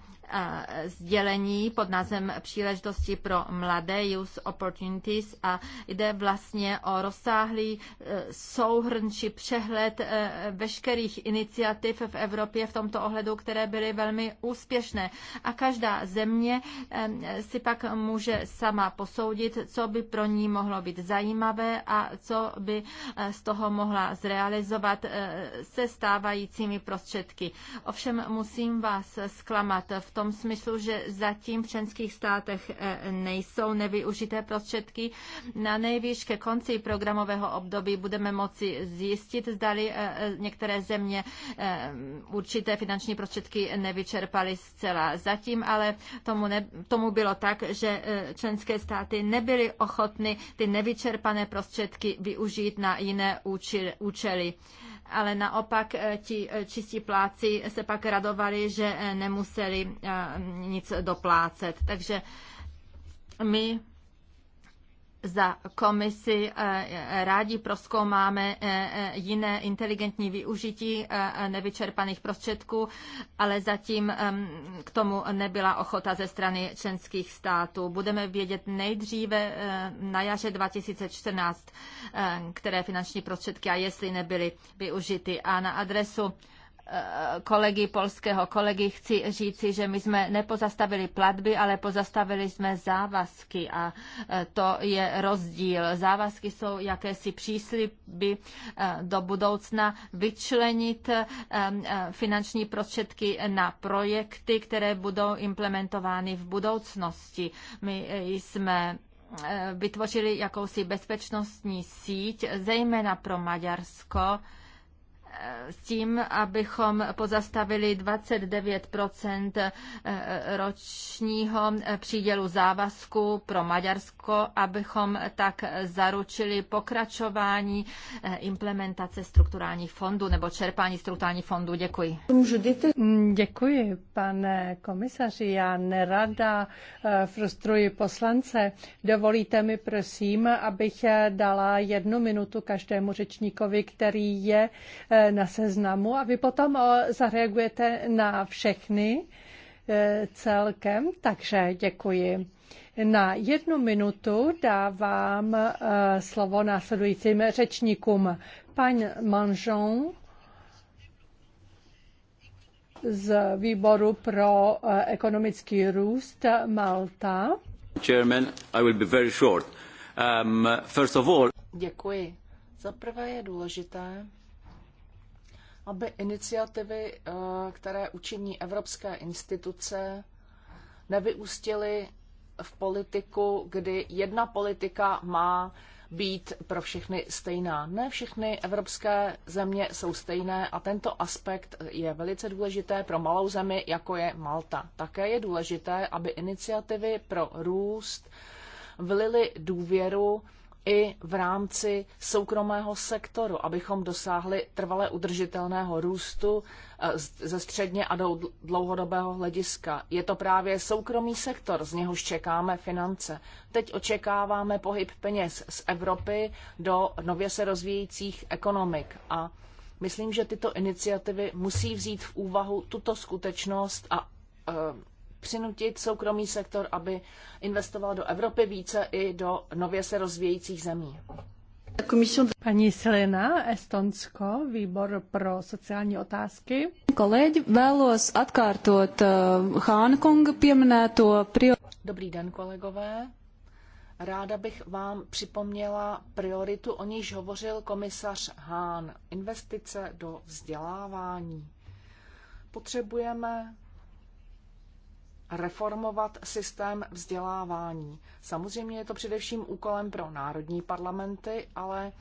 sdělení pod názvem Příležitosti pro mladé Youth Opportunities a jde vlastně o rozsáhlý e, souhrn či přehled e, veškerých iniciativ v Evropě v tomto ohledu, které byly velmi úspěšné. A každá země e, si pak může sama posoudit, co by pro ní mohlo být zajímavé a co by z toho mohla zrealizovat se stávajícími prostředky. Ovšem musím vás zklamat v tom smyslu, že zatím v členských státech e, nejsou nevyužité prostředky. Na nejvýš ke konci programového období budeme moci zjistit, zdali e, e, některé země určité finanční prostředky nevyčerpaly zcela. Zatím ale tomu, ne, tomu bylo tak, že členské státy nebyly ochotny ty nevyčerpané prostředky využít na jiné účely ale naopak eh, ti eh, čistí pláci se pak radovali, že eh, nemuseli nic doplácet. Takže my za komisi eh, eh, rádi proskoumáme eh, jiné inteligentní využití nevyčerpaných prostředků, ale zatím ehm, k tomu nebyla ochota ze strany členských států. Budeme vědět nejdříve na jaře 2014, které finanční prostředky a jestli nebyly využity. A na adresu kolegy, polského kolegy, chci říci, že my jsme nepozastavili platby, ale pozastavili jsme závazky a e, to je rozdíl. Závazky jsou jakési přísliby e, do budoucna vyčlenit e, finanční prostředky na projekty, které budou implementovány v budoucnosti. My jsme vytvořili jakousi bezpečnostní síť, zejména pro Maďarsko, s tím, abychom pozastavili 29 eh, ročního eh, přídělu závazku pro Maďarsko, abychom tak zaručili pokračování eh, implementace strukturálních fondů nebo čerpání strukturálních fondů. Děkuji. Děkuji, pane komisaři. Já nerada frustruji poslance. Dovolíte mi, prosím, abych dala jednu minutu každému řečníkovi, který je na seznamu a vy potom zareagujete na všechny e, celkem, takže děkuji. Na jednu minutu dávám e, slovo následujícím řečníkům. Pan Manžon z výboru pro e, ekonomický růst Malta. Chairman, I will be very short. Um, first of all... Děkuji. Za prvé je důležité, aby iniciativy, eh, které učiní evropské instituce, nevyústily v politiku, kdy jedna politika má být pro všechny stejná. Ne všechny evropské země jsou stejné a tento aspekt je velice důležité pro malou zemi, jako je Malta. Také je důležité, aby iniciativy pro růst vlily důvěru i v rámci soukromého sektoru, abychom dosáhli trvale udržitelného růstu eh, ze středně a do dlouhodobého hlediska. Je to právě soukromý sektor, z něhož čekáme finance. Teď očekáváme pohyb peněz z Evropy do nově se rozvíjících ekonomik a Myslím, že tyto iniciativy musí vzít v úvahu tuto skutečnost a eh, přinutit soukromý sektor, aby investoval do Evropy více i do nově se rozvíjejících zemí. Paní Selena Estonsko, výbor pro sociální otázky. Kolēģi, vēlos atkārtot Hánkunga eh, to prioritu. Dobrý den, kolegové. Ráda bych vám připomněla prioritu, o níž hovořil komisař Hán. Investice do vzdělávání. Potřebujeme reformovat systém vzdělávání. Samozřejmě je to především úkolem pro národní parlamenty, ale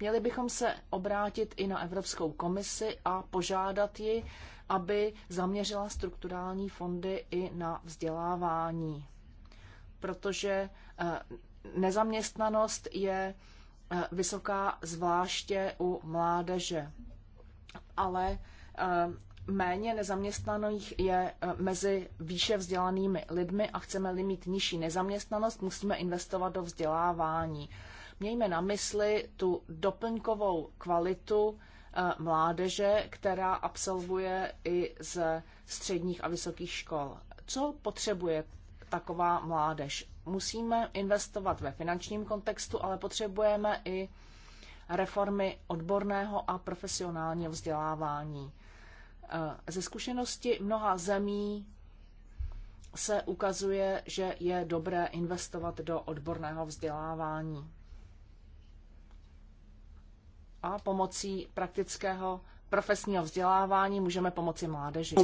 měli bychom se obrátit i na Evropskou komisi a požádat ji, aby zaměřila strukturální fondy i na vzdělávání. Protože eh, nezaměstnanost je eh, vysoká zvláště u mládeže. Ale eh, méně nezaměstnaných je eh, mezi výše vzdělanými lidmi a chceme-li mít nižší nezaměstnanost, musíme investovat do vzdělávání. Mějme na mysli tu doplňkovou kvalitu eh, mládeže, která absolvuje i z středních a vysokých škol. Co potřebuje taková mládež? Musíme investovat ve finančním kontextu, ale potřebujeme i reformy odborného a profesionálního vzdělávání. Eh, ze zkušenosti mnoha zemí se ukazuje, že je dobré investovat do odborného vzdělávání. A pomocí praktického profesního vzdělávání můžeme pomoci mládeži.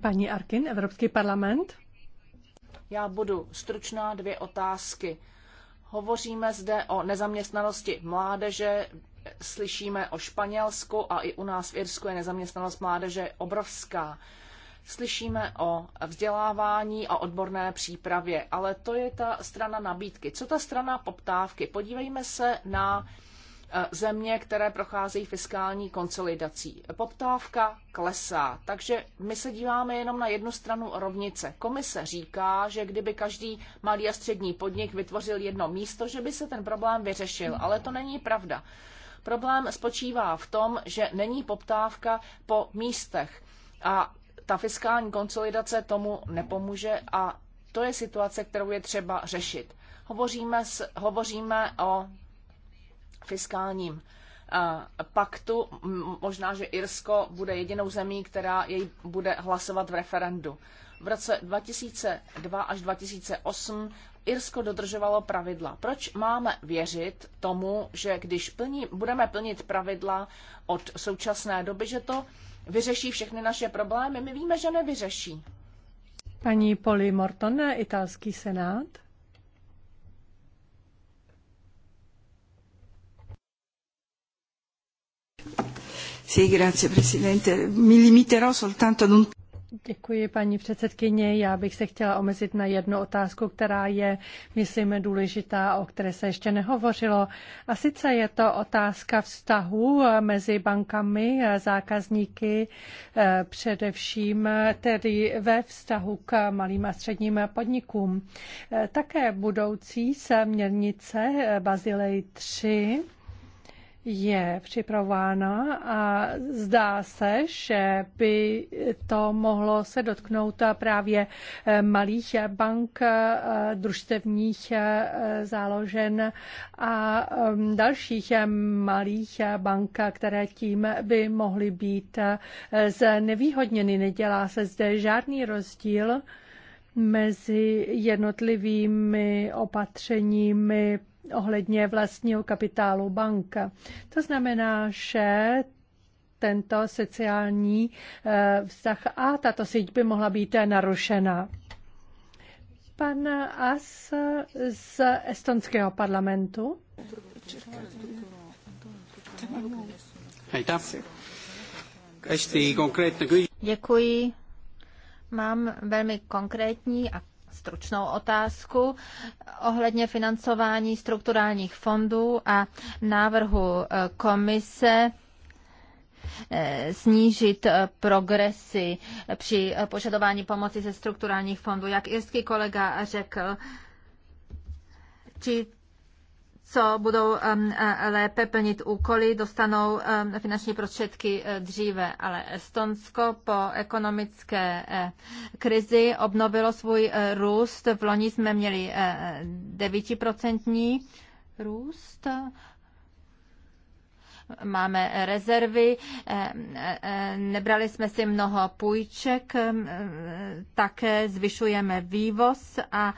Paní Arkin, Evropský parlament. Já budu stručná dvě otázky. Hovoříme zde o nezaměstnanosti mládeže, slyšíme o Španělsku a i u nás v Irsku je nezaměstnanost mládeže obrovská. Slyšíme o vzdělávání a odborné přípravě, ale to je ta strana nabídky. Co ta strana poptávky? Podívejme se na Eh, země, které procházejí fiskální konsolidací. Poptávka klesá, takže my se díváme jenom na jednu stranu rovnice. Komise říká, že kdyby každý malý a střední podnik vytvořil jedno místo, že by se ten problém vyřešil, ale to není pravda. Problém spočívá v tom, že není poptávka po místech a ta fiskální konsolidace tomu nepomůže a to je situace, kterou je třeba řešit. Hovoříme, s, hovoříme o fiskálním eh, paktu. Možná, že Irsko bude jedinou zemí, která jej bude hlasovat v referendu. V roce 2002 až 2008 Irsko dodržovalo pravidla. Proč máme věřit tomu, že když plní, budeme plnit pravidla od současné doby, že to vyřeší všechny naše problémy? My víme, že nevyřeší. Paní Poli Mortone, italský senát. Sì, grazie Presidente. Mi limiterò soltanto ad un... Děkuji, paní předsedkyně. Já bych se chtěla omezit na jednu otázku, která je, myslím, důležitá, o které se ještě nehovořilo. A sice je to otázka vztahu mezi bankami, zákazníky, e, především tedy ve vztahu k malým a středním podnikům. E, také budoucí směrnice Bazilej 3 je připravována a zdá se, že by to mohlo se dotknout právě eh, malých bank, eh, družstevních eh, záložen a ehm, dalších malých bank, které tím by mohly být znevýhodněny. Nedělá se zde žádný rozdíl mezi jednotlivými opatřeními ohledně vlastního kapitálu bank. To znamená, že tento sociální eh, vztah a tato síť by mohla být narušena. Pan As z estonského parlamentu. Děkuji. Mám velmi konkrétní a stručnou otázku ohledně financování strukturálních fondů a návrhu eh, komise eh, snížit eh, progresy při požadování pomoci ze strukturálních fondů. Jak irský kolega řekl, či co budou e, lépe plnit úkoly, dostanou finanční prostředky e, dříve. Ale Estonsko po ekonomické e, krizi obnovilo svůj růst. V loni jsme měli 9% růst máme rezervy, eh, eh, eh, nebrali jsme si mnoho půjček, také zvyšujeme vývoz a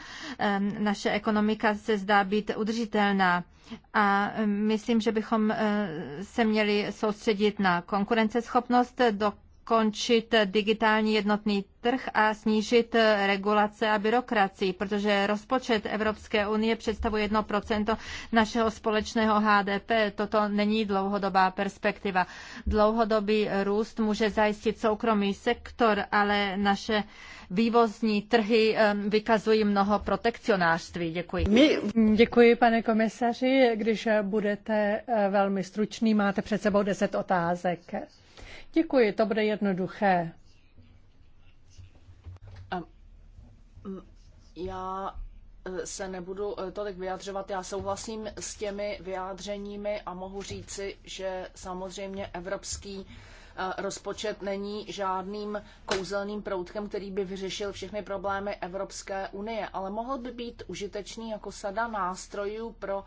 naše ekonomika se zdá být udržitelná. A myslím, že bychom se měli soustředit na konkurenceschopnost, do dokončit digitální jednotný trh a snížit regulace a byrokracii, protože rozpočet Evropské unie představuje 1% našeho společného HDP. Toto není dlouhodobá perspektiva. Dlouhodobý růst může zajistit soukromý sektor, ale naše vývozní trhy vykazují mnoho protekcionářství. Děkuji. My... Děkuji, pane komisaři. Když budete eh, velmi stručný, máte před sebou 10 otázek. Děkuji, to bude jednoduché. Mm, já e, se nebudu e, tolik vyjadřovat. Já souhlasím s těmi vyjádřeními a mohu říci, že samozřejmě evropský e, rozpočet není žádným kouzelným proutkem, který by vyřešil všechny problémy Evropské unie, ale mohl by být užitečný jako sada nástrojů pro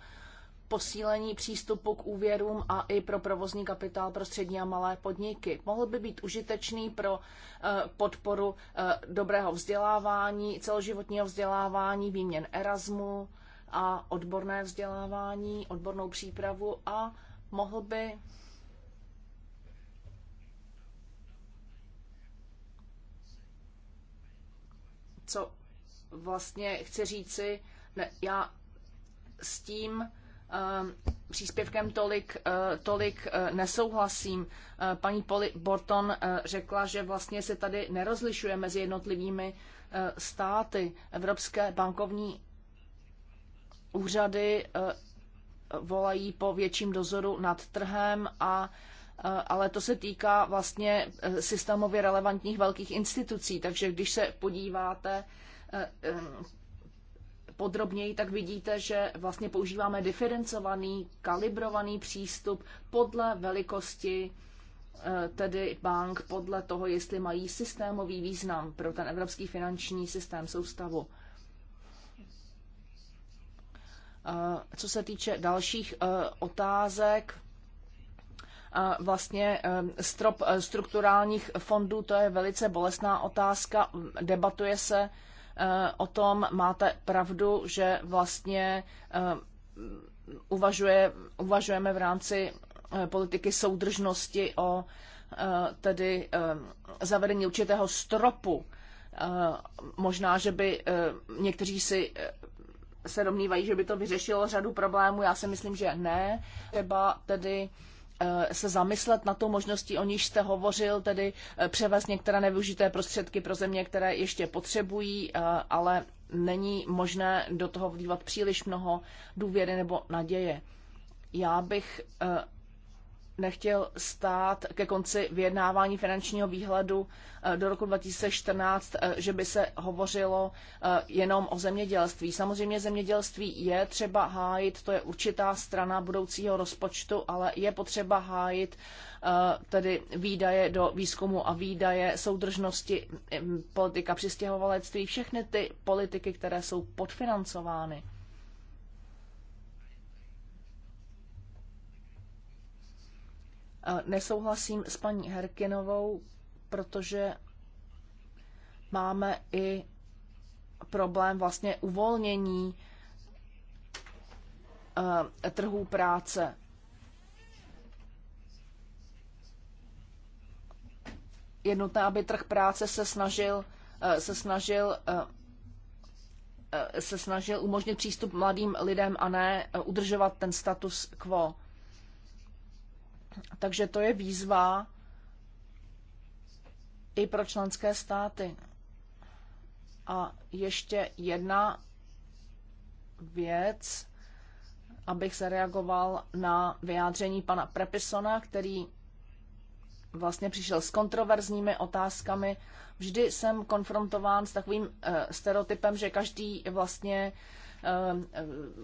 posílení přístupu k úvěrům a i pro provozní kapitál pro střední a malé podniky. Mohl by být užitečný pro eh, podporu eh, dobrého vzdělávání, celoživotního vzdělávání, výměn Erasmu a odborné vzdělávání, odbornou přípravu a mohl by co vlastně chci říci, ne, já s tím Um, příspěvkem tolik, uh, tolik uh, nesouhlasím. Uh, paní Borton řekla, že vlastně se tady nerozlišuje mezi jednotlivými státy. Evropské bankovní úřady volají po větším dozoru nad trhem a ale to se týká vlastně systémově relevantních velkých institucí. Takže když se podíváte um, podrobněji, tak vidíte, že vlastně používáme diferencovaný, kalibrovaný přístup podle velikosti eh, tedy bank, podle toho, jestli mají systémový význam pro ten evropský finanční systém soustavu. Eh, co se týče dalších eh, otázek, vlastně strop strukturálních fondů, to je velice bolestná otázka. Debatuje se Eh, o tom máte pravdu, že vlastně eh, uvažuje, uvažujeme v rámci eh, politiky soudržnosti o tedy zavedení určitého stropu. Možná, že by někteří si se domnívají, že by to vyřešilo řadu problémů. Já si myslím, že ne. Třeba tedy Eh, se zamyslet na tu možností, o níž jste hovořil, tedy eh, převést některé nevyužité prostředky pro země, které ještě potřebují, eh, ale není možné do toho vdívat příliš mnoho důvěry nebo naděje. Já bych nechtěl stát ke konci vyjednávání finančního výhledu eh, do roku 2014, eh, že by se hovořilo eh, jenom o zemědělství. Samozřejmě zemědělství je třeba hájit, to je určitá strana budoucího rozpočtu, ale je potřeba hájit tedy výdaje do výzkumu a výdaje soudržnosti, politika přistěhovalectví, všechny ty politiky, které jsou podfinancovány. Nesouhlasím s paní Herkinovou, protože máme i problém vlastně uvolnění eh, trhů práce. Je nutné, aby trh práce se snažil, eh, se snažil eh, se snažil umožnit přístup mladým lidem a ne udržovat ten status quo. Takže to je výzva i pro členské státy. A ještě jedna věc, abych zareagoval na vyjádření pana Prepisona, který vlastně přišel s kontroverzními otázkami vždy jsem konfrontován s takovým eh, stereotypem, že každý vlastně eh,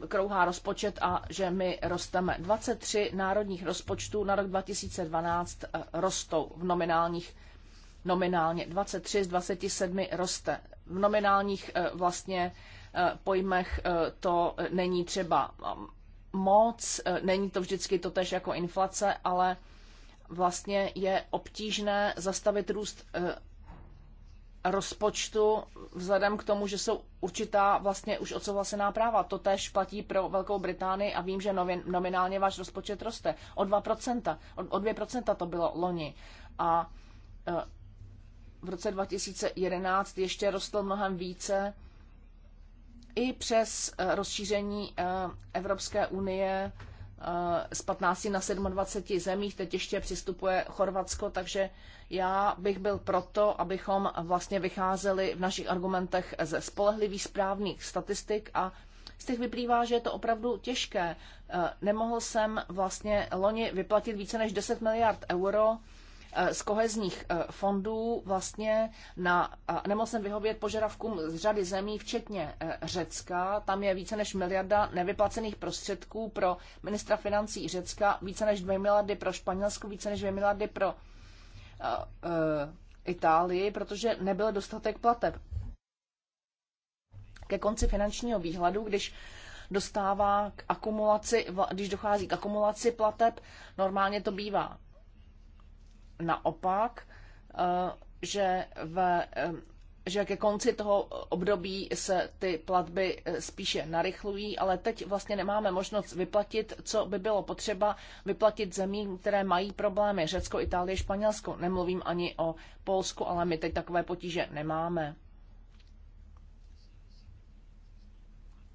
krouhá rozpočet a že my rosteme. 23 národních rozpočtů na rok 2012 eh, rostou v nominálních nominálně. 23 z 27 roste. V nominálních vlastně pojmech to není třeba mm, moc, není to vždycky totež jako inflace, ale vlastně je obtížné zastavit růst rozpočtu vzhledem k tomu, že jsou určitá vlastně už odsouhlasená práva. To též platí pro Velkou Británii a vím, že novin, nominálně váš rozpočet roste. O 2%, o, o 2% to bylo loni. A e, v roce 2011 ještě rostl mnohem více i přes e, rozšíření e, Evropské unie Eh, z 15 na 27 zemích, teď ještě přistupuje Chorvatsko, takže já bych byl proto, abychom vlastně vycházeli v našich argumentech ze spolehlivých správných statistik a z těch vyplývá, že je to opravdu těžké. Eh, nemohl jsem vlastně loni vyplatit více než 10 miliard euro Eh, z kohezních eh, fondů vlastně na, jsem vyhovět požadavkům z řady zemí, včetně eh, Řecka. Tam je více než miliarda nevyplacených prostředků pro ministra financí Řecka, více než 2 miliardy pro Španělsko, více než 2 miliardy pro Itálii, protože nebyl dostatek plateb. Ke konci finančního výhledu, když dostává k akumulaci, když dochází k akumulaci plateb, normálně to bývá naopak, eh, že, ve, eh, že ke konci toho období se ty platby eh, spíše narychlují, ale teď vlastně nemáme možnost vyplatit, co by bylo potřeba vyplatit zemím, které mají problémy. Řecko, Itálie, Španělsko. Nemluvím ani o Polsku, ale my teď takové potíže nemáme.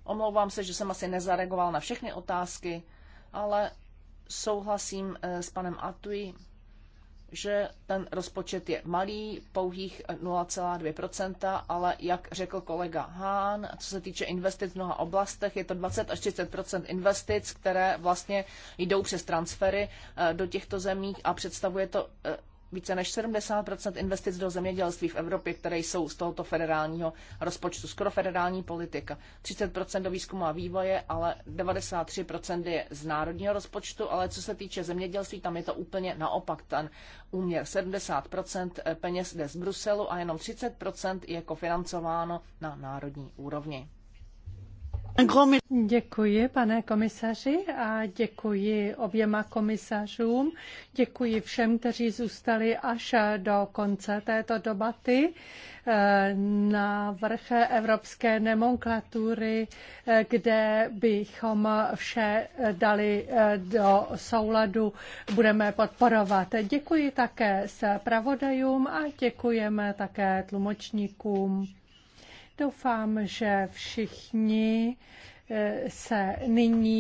Omlouvám se, že jsem asi nezareagoval na všechny otázky, ale souhlasím s panem Atui že ten rozpočet je malý, pouhých 0,2%, ale jak řekl kolega Hán, co se týče investic v mnoha oblastech, je to 20 až 30 investic, které vlastně jdou přes transfery eh, do těchto zemí a představuje to eh, více než 70 investic do zemědělství v Evropě, které jsou z tohoto federálního rozpočtu, skoro federální politika. 30 do výzkumu a vývoje, ale 93 je z národního rozpočtu, ale co se týče zemědělství, tam je to úplně naopak. Ten úměr 70 peněz jde z Bruselu a jenom 30 je kofinancováno na národní úrovni. Děkuji, pane komisaři, a děkuji oběma komisařům. Děkuji všem, kteří zůstali až do konce této debaty. na vrch evropské nomenklatury, kde bychom vše dali do souladu, budeme podporovat. Děkuji také zpravodajům a děkujeme také tlumočníkům. Doufám, že všichni eh, se nyní